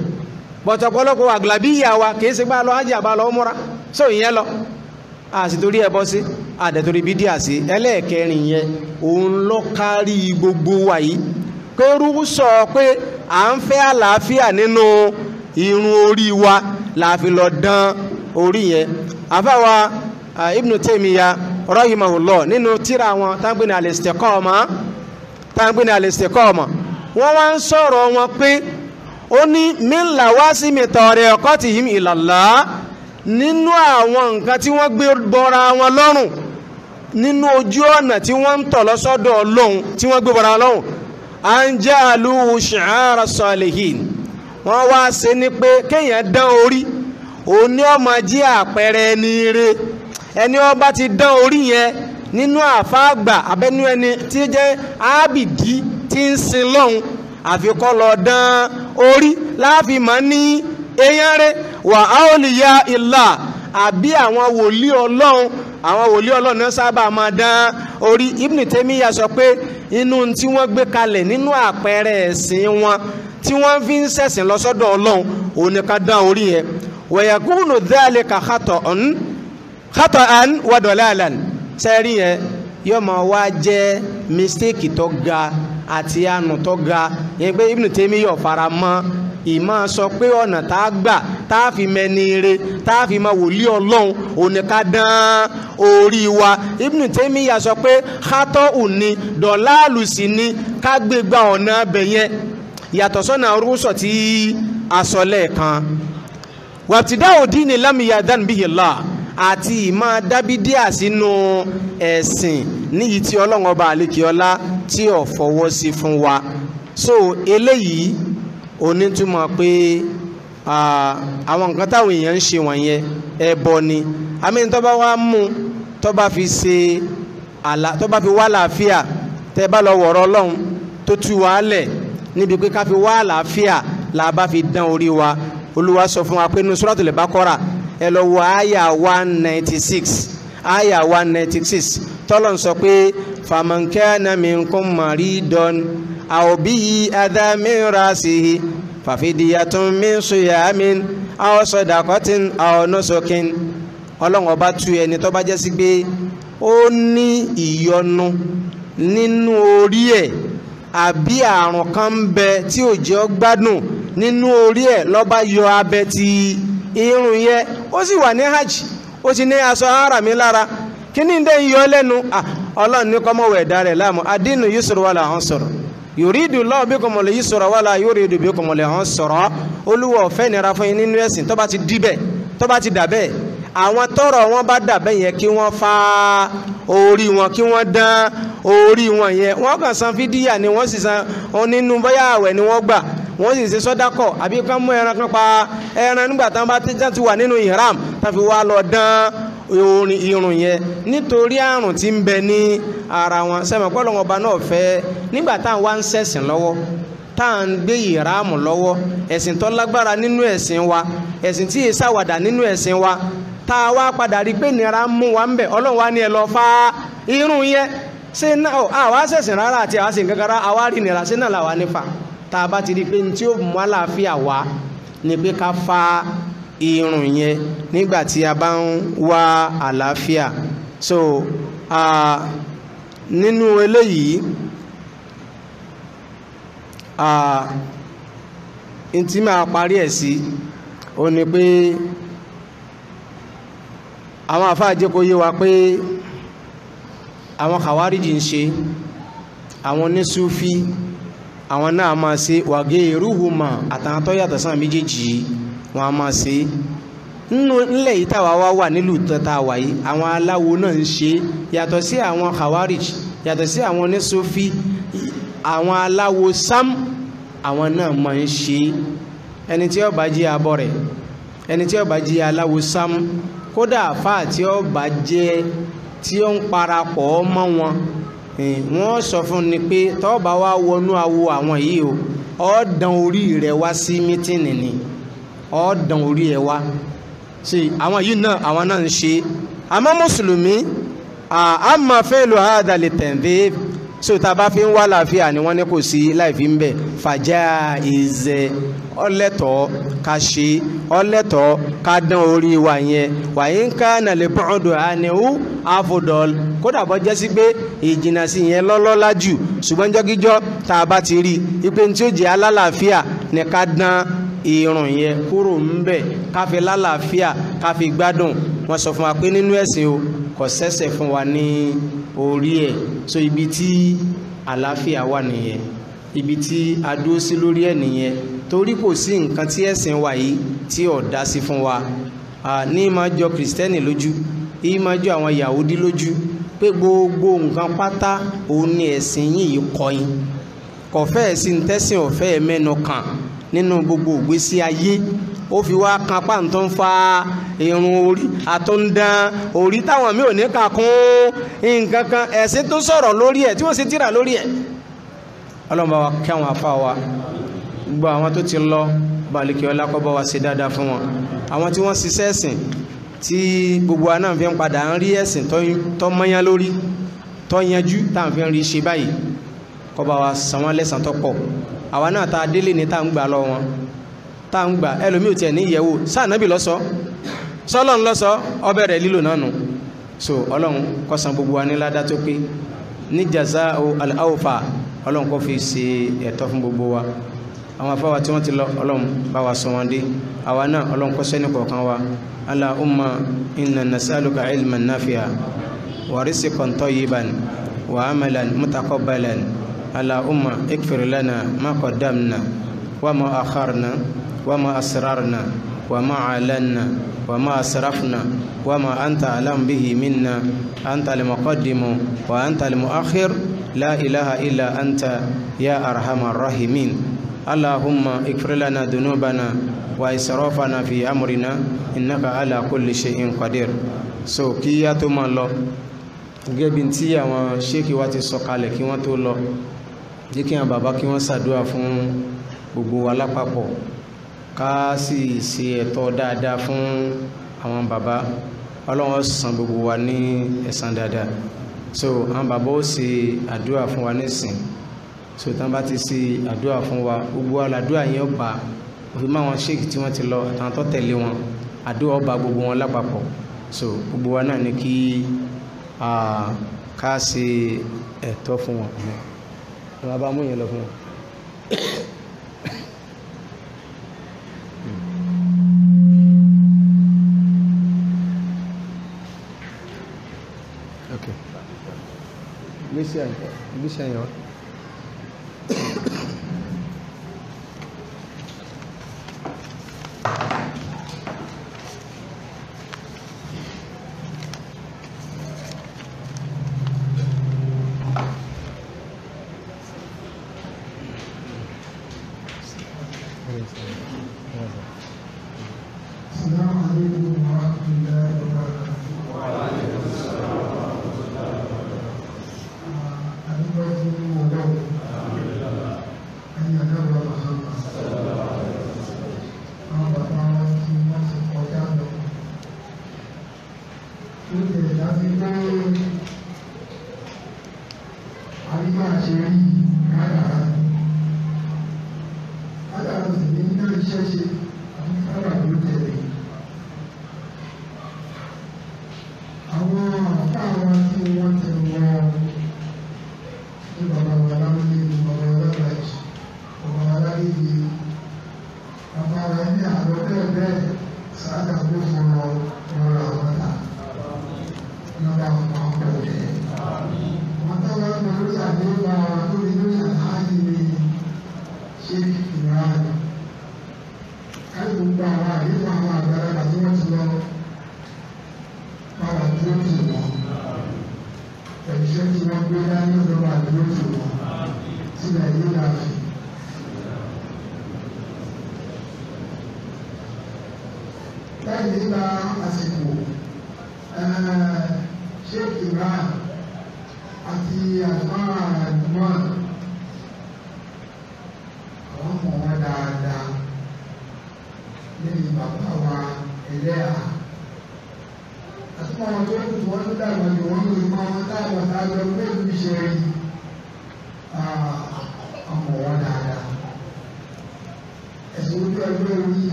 bọ́tọ̀ pọ́lọ́pọ́ àgbàbí ìyá wa kìí ṣe gbá lọ hajj àbá lọ mọ́ra só ìyẹn lọ àti torí ẹbọ sí àdẹ̀torí bí díà sí ẹlẹ́ẹ̀kẹrin yẹn òun lọ kárí gbogbo wa yìí pé sọ pé à ń fẹ́ àlàáfíà nínú irun orí wa la fi lọ dán orí yẹn àfáwa ibnu taymiya rahimahullah nínú tíra wọn táǹgbé ní al-istiqama táǹgbé ní al-istiqama wọ́n wá ń sọ̀rọ̀ wọn pé ó ní min lawasimi tariqatihim ila Allah nínú àwọn nǹkan tí wọ́n gbé bọ́ra wọn lọ́rùn nínú ojú ọ̀nà tí wọ́n ń tọ̀ lọ́sọ́dọ̀ ọlọ́run tí wọ́n gbé bọ́ra wọn lọ́rùn an ja'alu shi'ara salihin wọ́n wá ṣe ni pé kéèyàn dán orí òun ni ọmọ jí àpẹẹrẹ ẹni re ẹni ọba ti dán orí yẹn nínú àfáàgbà abẹ́nú ẹni tí jẹ́ ábìdí tí ń sin lọ́hùn àfikọ́ lọ dán orí láàfin mọ́ ní èèyàn rẹ̀ wà á ò lè ya ìlà àbí àwọn wòlíì ọlọ́run àwọn wòlíì ọlọ́run náà sábà máa dán orí Ibn Taymiyyah sọ pé inú tí wọ́n gbé kalẹ̀ nínú àpẹẹrẹ ẹ̀sìn wọn tí wọ́n fi ń ṣẹ̀sìn lọ́sọ́dọ̀ ọlọ́run òun ni ká dán orí yẹn wẹ̀yẹ̀kúnnù dáàlẹ̀ ká hàtọ̀ ọ̀n hàtọ̀ àn wàdọ̀láàlàn sẹ́rí yẹn yóò máa wá jẹ́ mistake tó ga àti àánú tó ga yẹn pé Ibn Taymiyyah fara mọ́ ìmọ̀ sọ pé ọ̀nà tá a gbà tá a fi mẹni ire tá a fi mọ wòlíì ọlọ́run òun ni ká dán orí wa Ibn Taymiyyah sọ pé hátọ́ òní dọ̀láàlù sí ni ká gbégbá ọ̀nà abẹ yẹn yàtọ̀ sọ́nà rúṣọ̀ tí a sọ lẹ́ẹ̀kan wàtídá òdì ni lámìyá dánbíyìlá àti ìmọ̀ dábídíà sínú ẹ̀sìn níyì tí ọlọ́run ọba àlekìọ́lá tí ò fọwọ́ sí fún wa so eléyìí onítúmọ̀ pé àwọn nǹkan táwọn èèyàn ń ṣe wọ̀nyẹn ẹbọ ni amíní tó bá wá mú tó bá fi ṣe àlà tó bá fi wá làáfíà tẹ́ bá lọ wọ̀rọ̀ ọlọ́run tó tú wàá lẹ̀ níbi pé ká fi wá àlàáfíà là bá fi dán orí wa olúwa sọ fún wa pé nínú Suratul Baqara ẹ lọ wo àyà one ninety six àyà one ninety six tọ́lọ̀ ń sọ pé faman kana minkum maridon aw bihi adha min rasihi fàfidíyàtún min suyamin aw sadaqatin aw nusukin ọlọ́run ọba tú ẹni tó bá jẹ́ sí pé ó ní ìyọnu nínú orí ẹ̀ àbí àrùn kan ń bẹ tí ò jẹ́ ọ́ gbádùn nínú orí ẹ̀ ló bá yọ abẹ ti irun yẹn ó sì wà ní hajj ó ti ní aṣọ ara mi lára kíní ń dẹ́ ń yọ lẹ́nu ọlọ́run ní kọ́mọ̀ wẹ̀ dá rẹ̀ láàmú adínú yusra wala ansur yuridu Allahu bikumul yusra wala yuridu bikumul ansur olúwa ọ̀fẹ́ nira fún yín nínú ẹ̀sìn tó bá ti dí bẹ́ẹ̀ tó bá ti dà àwọn tọrọ wọn bá dàbẹ yẹn kí wọ́n fa orí wọn kí wọ́n dán orí wọn yẹn wọ́n kàn san fídíà ni wọ́n sì san onínú bóyá àwẹ̀ ni wọ́n gbà wọ́n sì ṣe sọ́dákọ̀ àbí kán mú ẹran kan pa ẹran nígbà tán bá ti wà nínú ìhram tán fi wá lọ dán orin irun yẹn nítorí àrùn tí ń bẹ ní ara wọn sẹ́mi pọ́ ọba náà fẹ́ nígbà táwọn wá ń ṣẹ̀sìn lọ́wọ́ tá à ń gbé ìrààmù lọ́wọ́ ẹ̀sìn tó lágbára nínú ẹ̀sìn wa ẹ̀sìn tí èsàwàdà nínú ẹ̀sìn wa tá a wá padà rí pé nira ń mú wa ń bẹ̀ ọlọ́run wá ni ẹ lọ fa irun yẹn ṣé náà àwa ṣẹ̀sìn rárá àti àwa sì ń kankan rárá àwa rí nira ṣé náà làwa nífà tá bá ti rí pé tí ó mú àlàáfíà wá ni pé ká fa irun yẹn nígbà tí a bá ń wá àlàáfíà so uh, nínú eléyìí uh, n tí máa parí ẹ̀ sí o ni pé àwọn àfáà jẹ́ kó yé wa pé àwọn kàwáríjì ń ṣe àwọn ní súfí àwọn náà máa ṣe wàgé ìrúhùmà àtàwọn tó yàtọ̀ sáà méjèèjì wọn a máa ṣe nínú nílẹ̀ yìí táwa wá wà nílùú tata wà yìí àwọn aláwo náà ń ṣe yàtọ̀ sí àwọn kàwáríjì yàtọ̀ sí àwọn ní súfí àwọn aláwo sam àwọn náà máa ń ṣe ẹni tí ó jí abọ́ rẹ̀ ẹni tí ó jí aláwo sam kódà àfáà tí ó bá jẹ́ tí ó ń parapọ̀ mọ́ wọn wọ́n sọ fún ni pé tó bá wá wọnú awo àwọn yìí o ó dán orí rẹ̀ wá sí mítìnì ni ó dán orí ẹ̀ wá sí àwọn yìí náà àwọn náà ń ṣe àmọ́ mùsùlùmí àmọ́ fẹ́ lo àádàlẹ̀ tẹ̀ǹdé so tá a bá fi ń wá làáfíà ni wọ́n ní kò sí láì fi ń bẹ̀ fàjà ìzẹ ọlẹ́tọ̀ ká ṣe ọlẹ́tọ̀ ká dán orí wa yẹn wàyí ń ká nàlẹ́ pọ́ńdọ̀ àníwú àfọ̀dọ̀l kódà bọ́ jẹ́ sí pé ìjìnà sí yẹn lọ́lọ́lá jù ṣùgbọ́n jọ́gíjọ́ tá a bá ti rí i pé ní tí ó jẹ́ alálàáfíà ni ká dán irun yẹn kúrò ń bẹ̀ ká fi lálàáfíà ká fi gbádùn wọ́n sọ fún wa pé nínú ẹ̀sìn o kò sẹ́sẹ̀ fún wa ní orí ẹ̀ so ibi tí àlàáfíà wà nìyẹn ibi tí a dúró sí lórí ẹ̀ nìyẹn torí kò sí nǹkan tí ẹ̀sìn wa yìí tí ò dá sí fún wa ní máa jọ kìrìsìtẹ́nì lójú ní máa jọ àwọn Yahudi lójú pé gbogbo nǹkan pátá òun ni ẹ̀sìn yìí kọyìn kọ̀fẹ́ ẹ̀sìn tẹ́sìn ọ̀fẹ́ mẹ́nu kàn nínú gbogbo ìgbésí ayé ó fi wá kan pàǹtó ń fa irun orí àtúndán orí táwọn mi ò ní kà kún nǹkan kan ẹ̀sìn tó sọ̀rọ̀ lórí ẹ̀ tí wọ́n sì tírà lórí ẹ̀ ọlọ́run wa kí àwọn afá wa gbọ́ àwọn tó ti lọ balùkì ọlá kó bá wa ṣe dáadáa fún wọn àwọn tí wọ́n ṣiṣẹ́ ẹ̀sìn tí gbogbo anáà fi ń padà ń rí ẹ̀sìn tó mọ́yán lórí tó yanjú táà fi ń rí ṣe báyìí kó bá wa san wọ́n lẹ́san tó pọ̀ àwa náà tá délé ní tá à ń gbà lọ wọn tá ń gbà ẹlòmí ò tiẹ̀ ní ìyẹ̀wò sáànábì lọ́sọ sọlọ́n lọ́sọ ọbẹ̀ rẹ̀ lílò náà nù so ọlọ́run kọsàn gbogbo wa ní ládá tó pé ní jaza al-awfa ọlọ́run kó fi ṣe ẹ̀tọ́ fún gbogbo wa àwọn afáwa tí wọ́n ti lọ ọlọ́run bá wa sọ wọn dé àwa náà ọlọ́run kó sẹ́ni kọ̀ọ̀kan wa allahumma inna nasaluka ilman nafi'a wa rizqan tayyiban wa amalan mutaqabbalan allahumma ikfir lana ma qaddamna wa ma akharna وما أسرارنا وما أعلنا وما أسرفنا وما أنت أعلم به منا أنت المقدم وأنت المؤخر لا إله إلا أنت يا أرحم الراحمين اللهم اغفر لنا ذنوبنا وإسرافنا في أمرنا إنك على كل شيء قدير so kí yá tó máa lọ gẹ́gẹ́ bí tí àwọn ṣéèkì wa ti sọ kalẹ̀ kí wọ́n tó lọ jẹ́ àwọn bàbá kí wọ́n ṣàdúrà fún gbogbo wa ká sì ṣe ẹ̀tọ́ dáadáa fún àwọn bàbá ọlọ́run san gbogbo wa ní ẹ̀san dáadáa so àwọn bàbá ó ṣe àdúrà fún wa nísìn so tán bá ti ṣe àdúrà fún wa gbogbo aládùúrà yẹn ọba òfin máa wọn ṣéèkì tí wọ́n ti lọ àtàwọn tó tẹ̀lé wọn àdúrà ọba gbogbo wọn lápapọ̀ so gbogbo wa náà ni kí ká ṣe ẹ̀tọ́ fún wọn. ìwà bá mú yẹn lọ fún wọn.
李先生，李先生。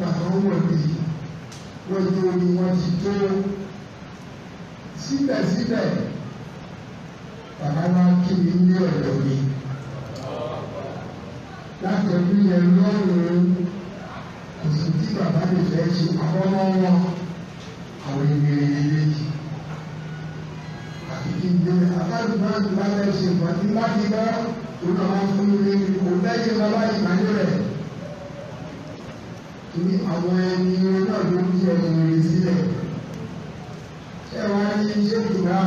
bàbá wọ̀ ní wọ́n yí omi wọn ti tó síbẹ̀síbẹ̀ bàbá wa kí mi ní ọ̀dọ̀ mi látọ̀dún yẹn lọ́rùn kò sí tí bàbá lè fẹ́ ṣe àkọ́kọ́ wọn àwọn ènìyàn méjì àti kí n gbé àbájúmọ́ àti bá fẹ́ ṣe ìpàdé láti bá òun àwọn fún mi kò lẹ́yìn bàbá ìpàdé rẹ̀ ní àwọn ẹni náà ló ń yẹ ìrìn sílẹ̀ ẹ wá ní ṣéèkì náà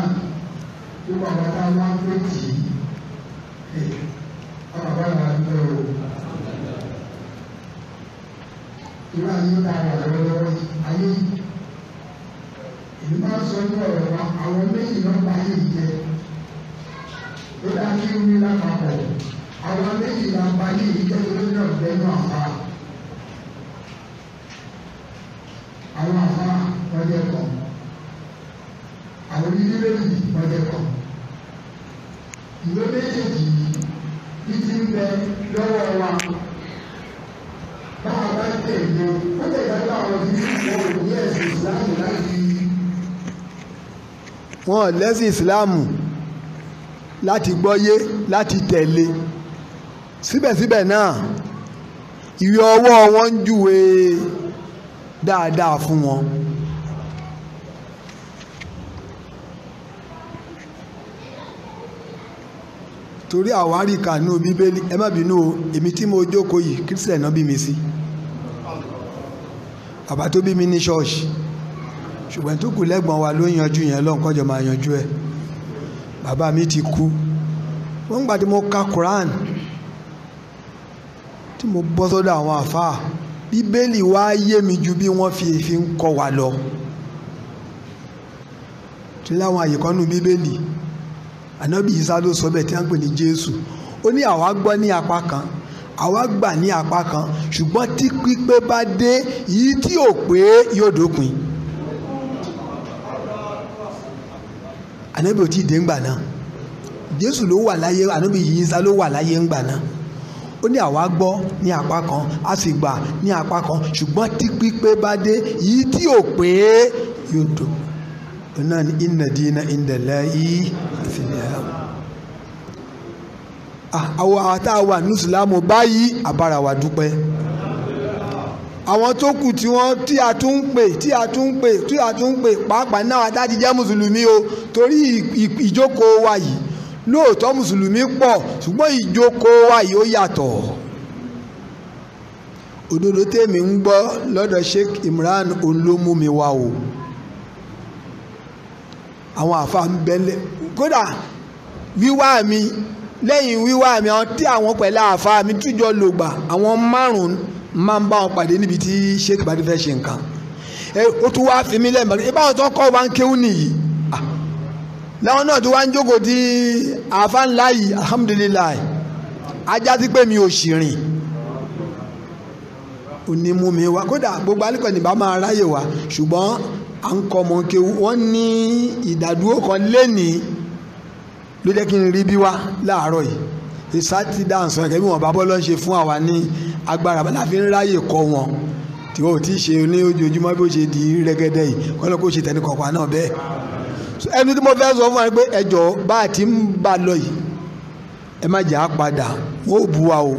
ló bá bàtà wá pé tì í bàbá yàrá ń bẹ o ìlú ayé ta wà lọ́wọ́ ayé ìlú máa sọ ní ọ̀rọ̀ wa àwọn méjì náà bá yé jẹ dá sí wí lápapọ̀ àwọn méjì náà bá yé jẹ lórí náà bẹ́ẹ̀ náà bá. ìdílé méjì ìpàdé kan ìwé méjèèjì yìí ní ti ń bẹ lọ́wọ́ wa báwa bá tẹ̀lé ó lè dájú àwọn tí wọn ò
ẹ̀sìn ìsìláàmù láti. wọn lẹ́sìn ìsìláàmù láti gbọ́yé láti tẹ̀lé síbẹ̀síbẹ̀ náà ìwé ọwọ́ wọn ń júwe dáadáa fún wọn. torí àwárí kanú bíbélì ẹ má bínú o èmi tí mo jókòó yìí kírísítẹ̀ náà bí mi sí bàbá tó bí mi ní ṣọ́ọ̀ṣì ṣùgbọ́n tó kù lẹ́gbọ̀n wa ló yanjú yẹn lọ́n máa yanjú ẹ̀ bàbá mi ti kú wọ́n gbà tí mo ka Quran tí mo bọ́ sọ́dọ̀ àwọn àfáà bíbélì wá yé mi ju bí wọ́n fi fi ń kọ́ wa lọ tí láwọn àyíkọ́nù bíbélì ànábì Ìsá ló sọ bẹ́ẹ̀ tí wọ́n ń pè ní Jésù ó ní àwa gbọ́ ní apá kan àwa gbà ní apá kan ṣùgbọ́n tí pípé bá dé yìí tí ò pé yóò dópin ànábì ò tí ì dé ńgbà náà Jésù ló wà láyé ànábì Ìsá ló wà láyé ńgbà náà ó ní àwa gbọ́ ní apá kan a sì gbà ní apá kan ṣùgbọ́n tí pípé bá dé yìí tí ò pé yóò dópin náà ni dina inda Ah, àwọn tá a wà ní ìsìlámù báyìí àbára wa dúpẹ́ àwọn tó kù tí wọ́n tí a tún ń pè tí a tún ń pè tí a tún ń pè pàápàá náà adájí jẹ́ mùsùlùmí o torí ìjókòó wa yìí lóòótọ́ mùsùlùmí pọ̀ ṣùgbọ́n ìjókòó wa yìí ó yàtọ̀ òdodo tèmi ń gbọ́ lọ́dọ̀ Sheikh Imran olómùmí wa o àwọn àfa ń bẹ́lẹ̀ kódà wíwá mi lẹ́yìn wíwá mi àwọn tí àwọn pẹ̀lú àfa mi tújọ lògbà àwọn márùn-ún máa ń bá wọn pàdé níbi tí sheikh badi fẹ́ ṣe nǹkan ó tún wáá fi mí lẹ́mọ̀ ẹ báwọn tó ń kọ́ wa ń kéwú nìyí láwọn náà tó wá ń jókòó di àfa ńlá yìí alhamdulilayi ajá ti pé mi ò sì rìn onímú mi wá kódà gbogbo alẹ́ ní bá máa ráyè wá ṣùgbọ́n à ń kọ́ ọmọ kéwú wọ́n ní ìdádúró kan lénìí ló jẹ́ kí n rí bí wá láàárọ̀ yìí ìsáàtì dáhùnsán ẹ̀kẹ́ bí wọ́n bá bọ́ lọ́n ṣe fún àwa ní agbára bá láfi ń ráyè kọ́ wọn tí wọ́n ò tí ì ṣe ní ojoojúmọ́ bí ó ṣe di rẹ́gẹ́dẹ́ yìí wọ́n lọ́ kó ṣe tẹ̀lé kọ̀ọ̀kan náà bẹ́ẹ̀ ẹni tí mo fẹ́ sọ fún wa pé ẹjọ́ bá a ti ń bá a lọ yìí ẹ má jà á padà wọn ò bu wa o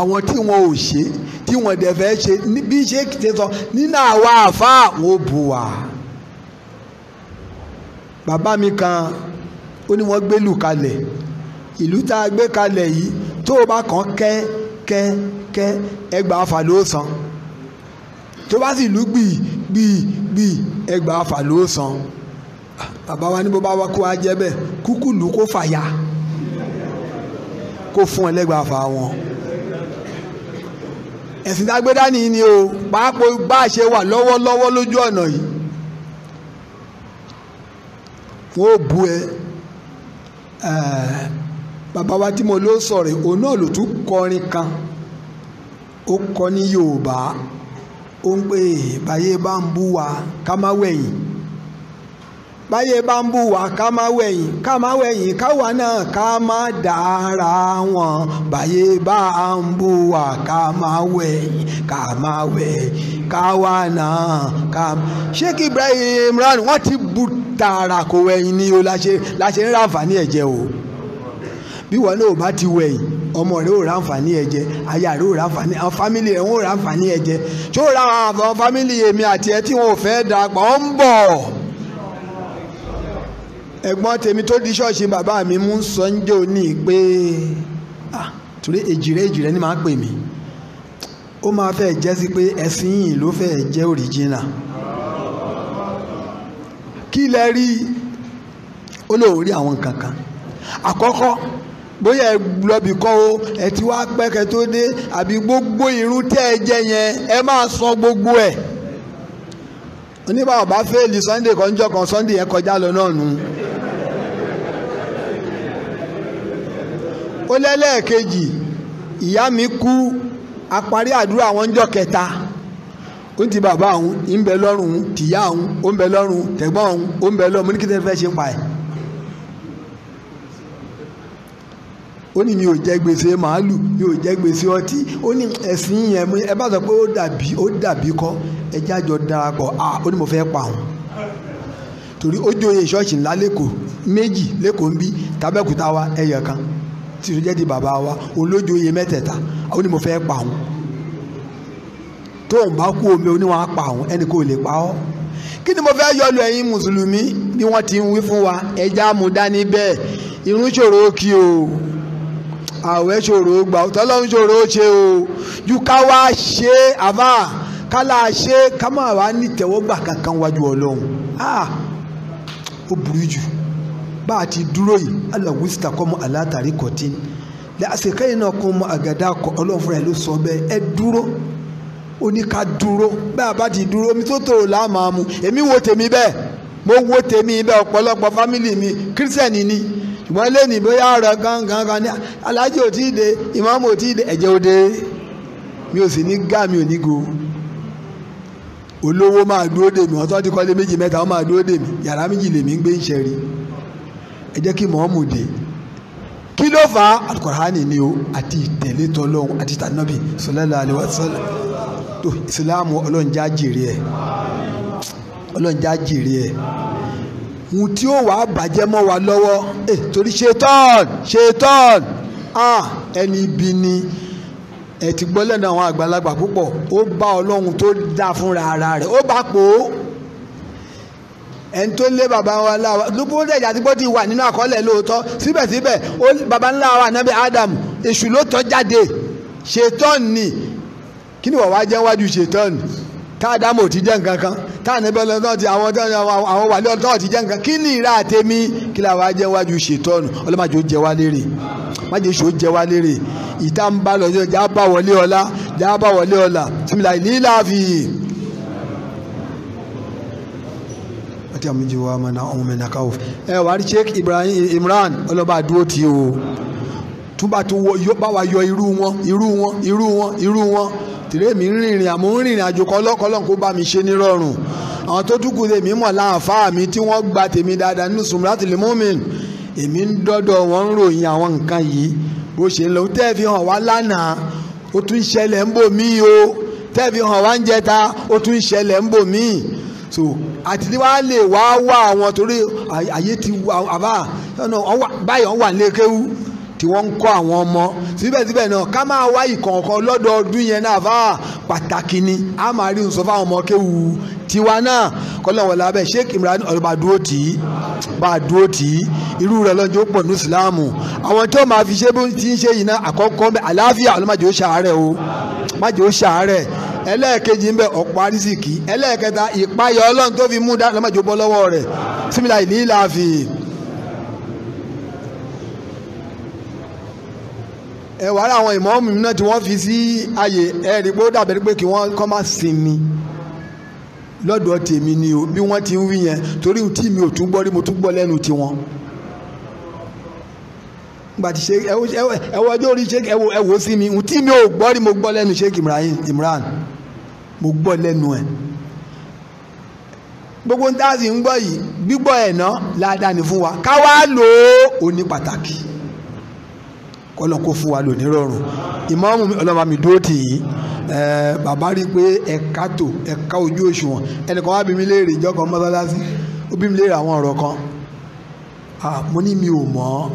àwọn tí wọn ò ṣe tí wọn dẹ̀ fẹ́ ṣe bí ṣe ti sọ nínú àwa àfáà wọn ò bu wa bàbá mi kan ó ní wọ́n gbélù kalẹ̀ ìlú tá a gbé kalẹ̀ yìí tó o bá kàn kẹ́ kẹ́ kẹ́ ẹgbàá fà ló san tó bá sì lù gbì gbì gbì ẹgbàá fà ló san bàbá wa ní bó bá wá kó wa jẹ́ bẹ́ẹ̀ kúkú lù kó fàyà kó fún ẹlẹ́gbàá fà wọn ẹ̀sìn tá dání ni o bá a ṣe wà lọ́wọ́lọ́wọ́ lójú ọ̀nà yìí wọn ò bu ẹ bàbá wa tí mo ló sọ̀rọ̀ òun náà ló tún kọrin kan ó kọ ní Yorùbá ó ń pè báyé bá ń bú wa ká má wẹ̀yìn. báyé bá ń bù wá ká má wẹ̀yìn ká má wẹ̀yìn káwa náà ká má dára wọn báyé bá ń bù wá ká má wẹ̀yìn ká má wẹ̀yìn káwa náà ká. Sheikh Ibrahim Imran wọ́n ti bu tààrà kò wẹ̀yìn ni o láṣẹ láṣẹ ń ráǹfààní ẹ̀jẹ̀ o bí wọn náà bá ti wẹ̀yìn ọmọ rẹ ò ráǹfààní ẹ̀jẹ̀ aya rẹ ò ráǹfààní àwọn fámìlì rẹ wọn ò ráǹfààní ẹ̀jẹ̀ tó ra àwọn fámìlì èmi àti ẹ tí wọn ò fẹ́ darapọ̀ ń bọ̀ ẹ̀gbọ́n tèmi tó di ṣọ́ọ̀ṣì bàbá mi mú sọ́njẹ́ òní pé ah, torí èjìrẹ́ èjìrẹ́ ni màá pè mí ó máa fẹ́ jẹ́ sí pé ẹ̀sìn yìí ló fẹ́ jẹ́ òrìjìnà kí lẹ rí ó lóò rí àwọn kankan àkọ́kọ́ bóyá ẹ lọ́bì kọ́ o ẹ ti wá pẹ́kẹ́ tó dé àbí gbogbo irun tẹ́ ẹ jẹ yẹn ẹ máa san gbogbo ẹ̀. E nígbà ọba fẹ́ẹ̀lì sunday kọjọ́ kan sunday yẹn kọjá lọ náà nù. ó lẹ́lẹ́ẹ̀kejì ìyá mi kú àparí àdúrà àwọn ọjọ́ kẹta ó ti bàbá òun ń bẹ lọ́rùn tìyá òun ó ń bẹ lọ́rùn tẹ̀gbọ́n òun ó ń bẹ lọ́rùn mo ní kí tẹ́ fẹ́ ṣe pa ẹ̀. ó ní mi ò jẹ gbèsè màálù mi ò jẹ gbèsè ọtí ó ní ẹ̀sìn yẹn ẹ bá sọ pé ó dàbí ó dàbí kọ́ ẹ jẹ́ àjọ darapọ̀ à ó ní mo fẹ́ pa òun torí ó jóye ṣọ́ọ̀ṣì ńlá lẹ́kọ̀ọ́ méjì lẹ́kọ̀ọ́ ń bí tábẹ́kúta wa ẹyọ kan tí ìṣòjẹ́ di bàbá wa òun ló ó ní mo fẹ́ pa òun tóun bá kú omi oníwọ̀n pa òun ẹnì kò lè pa ọ́ kí ni mo fẹ́ yọ lu ẹ̀yin mùsùlùmí bí wọ́n ti ń wí fún wa ẹja amúdání bẹ́ẹ̀ irun ṣòro kí o àwẹ̀ ṣòro gbà ọ̀tọ́lọ́run ṣòro ṣe o ju ká wá ṣe àbá kálá ṣe ká má wá ní tẹ̀wọ́gbà kankan wájú ọlọ́run ah, ó burú jù bá a ti dúró yìí aláwísítà kọ́ mọ́ alátàrí kọ̀tí lẹ́sẹ̀kẹ́ yìí náà kọ́ mọ́ àgàdá kọ́ ọlọ́run fúnra ẹ̀ ló sọ bẹ́ẹ̀ ẹ dúró ó ní ká dúró bá a bá ti dúró omi tó tòrò láàmú èmi wo tèmi bẹ́ẹ̀ mo wo tèmi bẹ́ẹ̀ ọ̀pọ̀lọpọ̀ fámìlì mi kírísítẹ̀nì ni ṣùgbọ́n lẹ́nu bóyá ọ̀rọ̀ gangan kan ní aláàjì ò tí ì dé ìmáàmù ò tí ì dé ẹ̀jẹ̀ ò dé mi ò sì ní gá mi ò ní go olówó máa dúró dè mí ọtọ́ ti kọ́lé méjì mẹ́ta ó máa dúró dè mí yàrá méjì lèmi ń gbé ń ṣẹ̀rí ẹ jẹ́ kí mọ̀ọ́mù dé kí ló fà á alukurani ni o àti ìtẹ̀lé tọ́lọ́hún àti tànàbì sallallahu alaihi wasallam tó ìsìláàmù ọlọ́njà jèrè ẹ̀ ọlọ́njà jèrè ẹ̀ ohun tí ó wàá bàjẹ́ mọ́ wa lọ́wọ́ ẹ eh, torí ṣetán ṣetán ah, ẹni ibi ni ẹ ti gbọ́ lẹ́nu àwọn àgbàlagbà púpọ̀ ó bá ọlọ́run tó dá fúnra ara rẹ̀ ó bá pò ó ẹni tó lé baba wa láwa lóko dẹ̀ ìjà tí ti wà nínú àkọọ́lẹ̀ lóòótọ́ síbẹ̀síbẹ̀ baba ńlá wa ànábì Adam èṣù ló tọ́ jáde ṣetán ni kí ni wàá wá jẹ́ wájú ṣetán ni táàdámò ti jẹ́ nǹkan kan táàníbẹ̀ lọ́tọ́ ti àwọn tó àwọn wà lọ́tọ́ ti jẹ́ nǹkan kí ni ìrà àtẹ̀mí kí làwọn á jẹ́ wájú ṣètọ́nù ọlọ́màjò jẹ wá lérè májè ṣò jẹ wá lérè ìta ń bá lọ́jọ́ ìjà bá wọlé ọ̀la ìjà bá wọlé ọ̀la tìmílà ìlílà fi. àti àmì jìwà mọ̀nà ọmọ mẹ́nà káwọ́ ẹ wàá rí Sheikh Ibrahim Imran ọlọ́ba àdúró tí o tún bá tún wọ bá wa yọ irú wọn irú wọn irú wọn irú wọn tìrẹ́mi ń rìnrìn àmọ́ ń rìnrìn àjò kọ́lọ́kọ́lọ́ kó bá mi ṣe nírọ̀rùn àwọn tó dúkù tèmi mọ̀ láǹfà mi tí wọ́n gba tèmi dáadáa nínú Sumratul Mumin èmi ń dọ́dọ̀ wọ́n ń ròyìn àwọn nǹkan yìí bó ṣe ń lọ tẹ́ fi hàn wá lánàá ó tún ṣẹlẹ̀ ń bò mí o tẹ́ fi hàn wá ń jẹta ó tún ṣẹlẹ̀ ń bò mí so àti tí wàá lè wá wá àwọn torí àyè ti wà àbá báyìí wọ́n wà ní tí wọ́n ń kọ́ àwọn ọmọ síbẹ̀síbẹ̀ náà ká máa wá ìkọ̀ọ̀kan lọ́dọọdún yẹn náà fà pàtàkì ni a máa rí nsọ fáwọn ọmọ kéwu tiwa náà kọ́lọ́wọ́ lábẹ́ Sheikh Imran ọ̀rọ̀bà dúró tì í bá dúró tì í irú rẹ̀ lọ́jọ́ pọ̀ ní Ìsìláàmù àwọn tí ó máa fi ṣe bó ti ń ṣe yìí náà àkọ́kọ́ bẹ́ẹ̀ àlàáfíà ọlọ́màjò ṣàárẹ̀ o májò ṣàárẹ̀ ẹlẹ́ẹ̀kejì ń bẹ ọ̀pọ̀ àrísìkì ẹlẹ́ẹ̀kẹta ìpayọ̀ ọlọ́run tó fi mú dá ọlọ́màjò bọ́ lọ́wọ́ rẹ̀ símìlà ìlú ẹ wàá rà àwọn ìmọ̀ọ́mù náà tí wọ́n fi sí ààyè ẹ rí i pé ó dàbẹ̀ pé kí wọ́n kọ́ máa sinmi lọ́dọ̀ tèmi ni o bí wọ́n ti ń wí yẹn torí tí mi ò tún gbọ́ rí mo tún gbọ́ lẹ́nu tiwọn gbàtí ṣe ẹwọ ọjọ́ orí ṣe ẹwọ sí mi tí mi ò gbọ́ rí mo gbọ́ lẹ́nu Sheikh Ibrahim Imran mo gbọ́ lẹ́nu ẹ̀ gbogbo ń tá a sì ń gbọ́ yìí gbígbọ́ ẹ̀ náà ládàá ni fún wa ká wá lò ó ní pàtàkì kọ́lọ́n kó fún wa lò ní rọrùn ìmáàmù mi ọlọ́ba mi dúró tì yín bàbá rí i pé ẹ̀ka tò ẹ̀ka ojú òṣùwọ̀n ẹnìkan wá bí mi léèrè ìjọkọ̀ mọ́sálásí ó bí mi léèrè àwọn ọ̀rọ̀ kan mo ní mi ò mọ̀ ọ́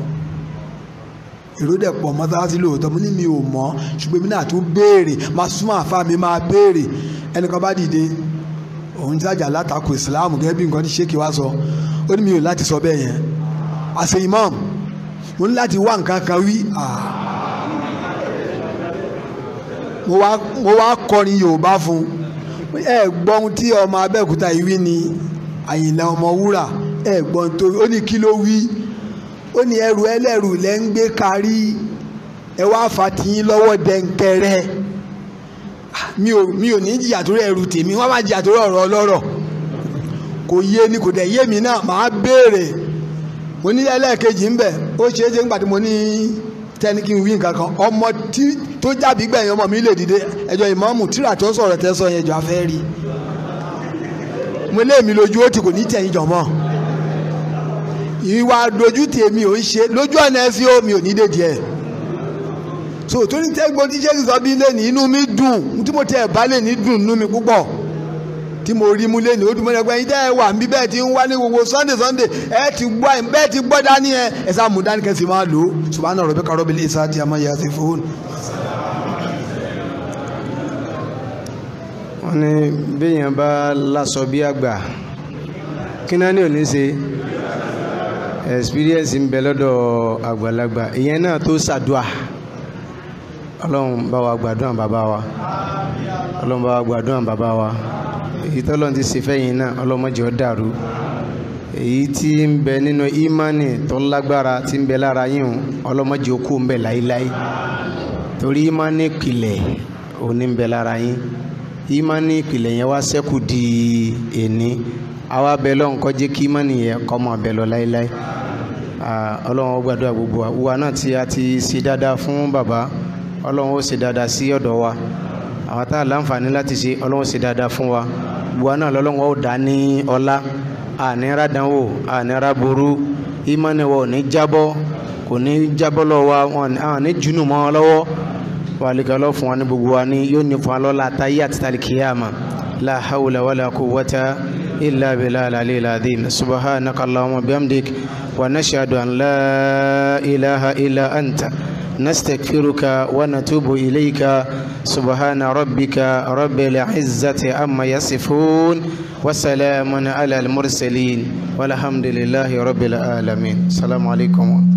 èrò dẹ̀ pọ̀ mọ́sálásí lóòótọ́ mo ní mi ò mọ̀ ṣùgbọ́n èmi náà tún béèrè máa súnmọ́ àfa mi máa béèrè ẹnìkan bá dìde òun jájà látakò ìsìláàmù gẹ́gẹ́ bí nǹkan tí ṣéèkì wá sọ ó ní mi ò láti sọ bẹ́ẹ̀ yẹn àṣẹ mo ní láti wá nǹkan kan wí mo wá kọrin Yorùbá fún ẹ gbọ́ ohun tí ọmọ Abẹ́òkúta yìí wí ni Àyìnlá Ọmọwúrà ẹ gbọ́ ohun tó ó ní kí ló wí ó ní ẹrù ẹlẹ́rù lẹ́ ń gbé kárí ẹ wá fàtìyín lọ́wọ́ dẹ́ńkẹrẹ́ mi ò ní jìyà torí ẹrù tèmi wọ́n máa jìyà torí ọ̀rọ̀ ọlọ́rọ̀ kò yé ni kò dẹ̀ yé mi náà màá béèrè mo ní ẹlẹ́ẹ̀kejì ń bẹ̀ ó ṣeé ṣe nígbà tí mo ní tẹni kí n wí nǹkan kan ọmọ tó jábí gbẹ̀yìn ọmọ mi lè dìde ẹjọ́ ìmọ̀ọ́mù tíra tó sọ̀rọ̀ tẹ́ sọ yẹn jọ afẹ́ rí mo lé mi lójú ó ti kò ní tẹ̀yìn jọ mọ́ ìwà dojú ti èmi ò ń ṣe lójú ọ̀nà ẹ fi ó ò ní dé díẹ̀ so torí tẹ́gbọ́n tí jésù sọ bí lé ní inú mi dùn tí mo tẹ́ ẹ̀ bá lè ní dùn nú mi púpọ̀ tí mo rí mú lẹ́nu odùmọ̀ ẹgbẹ́ yín dẹ́ ẹ wà níbí bẹ́ẹ̀ ti ń wá ní gbogbo sunday sunday ẹ ti gbọ́ bẹ́ẹ̀ ti gbọ́ dání ẹ ẹ sá mú dání kẹsì máa lò ó subahana rọ̀bí karọ́ bíi isa ti a máa yà sí fóònù.
wọ́n ní béèyàn bá láṣọ bí àgbà kí náà ní òní ṣe experience ń bẹ lọ́dọ̀ àgbàlagbà ìyẹn náà tó ṣàdúà ọlọ́run bá wa gbàdúrà bàbá wa ọlọ́run bá wa gbàdúrà bàbá wa èyí tọ́lọ́n ti ṣe fẹ́yìn náà ọlọ́mọdé ọ dàrú èyí tí ń bẹ nínú ìmánì tó lágbára tí ń bẹ lára yín ọlọ́mọdé ó kú ń bẹ láíláí torí ìmánì ìpìlẹ̀ òní ń bẹ lára yín ìmánì ìpìlẹ̀ yẹn wá sẹ́kù di èní àwa bẹ lọ́n kọ́ jẹ́ kí ìmánì yẹn kọ́ mọ́ abẹ lọ láíláí ọlọ́run gbàdúrà gbogbo wa náà tí a ti ṣe dáadáa fún bàbá ọlọ́run ó ṣe dáadáa sí ọ̀dọ̀ wa àwọn tá a láǹfààní láti ṣe ọlọ́run ṣe dáadáa fún wa gbogbo náà lọ́lọ́run ó dá ní ọlá ànírà dánwò ànírà burú ìmọ̀ni wa ò ní jábọ́ kò ní jábọ́ lọ́wọ́ wọn àwọn ní jùnú mọ́ ọ lọ́wọ́ wàlíkà lọ́ fún wa ní gbogbo wa ní yóò ní fún wa lọ́la táyé àti tàlíkìyàmà la hawla wala quwwata illa billahil aliyyil azim subhanaka allahumma bihamdik wa nashhadu an la ilaha illa anta. نستغفرك ونتوب إليك سبحان ربك رب العزة أما يصفون وسلام على المرسلين والحمد لله رب العالمين السلام عليكم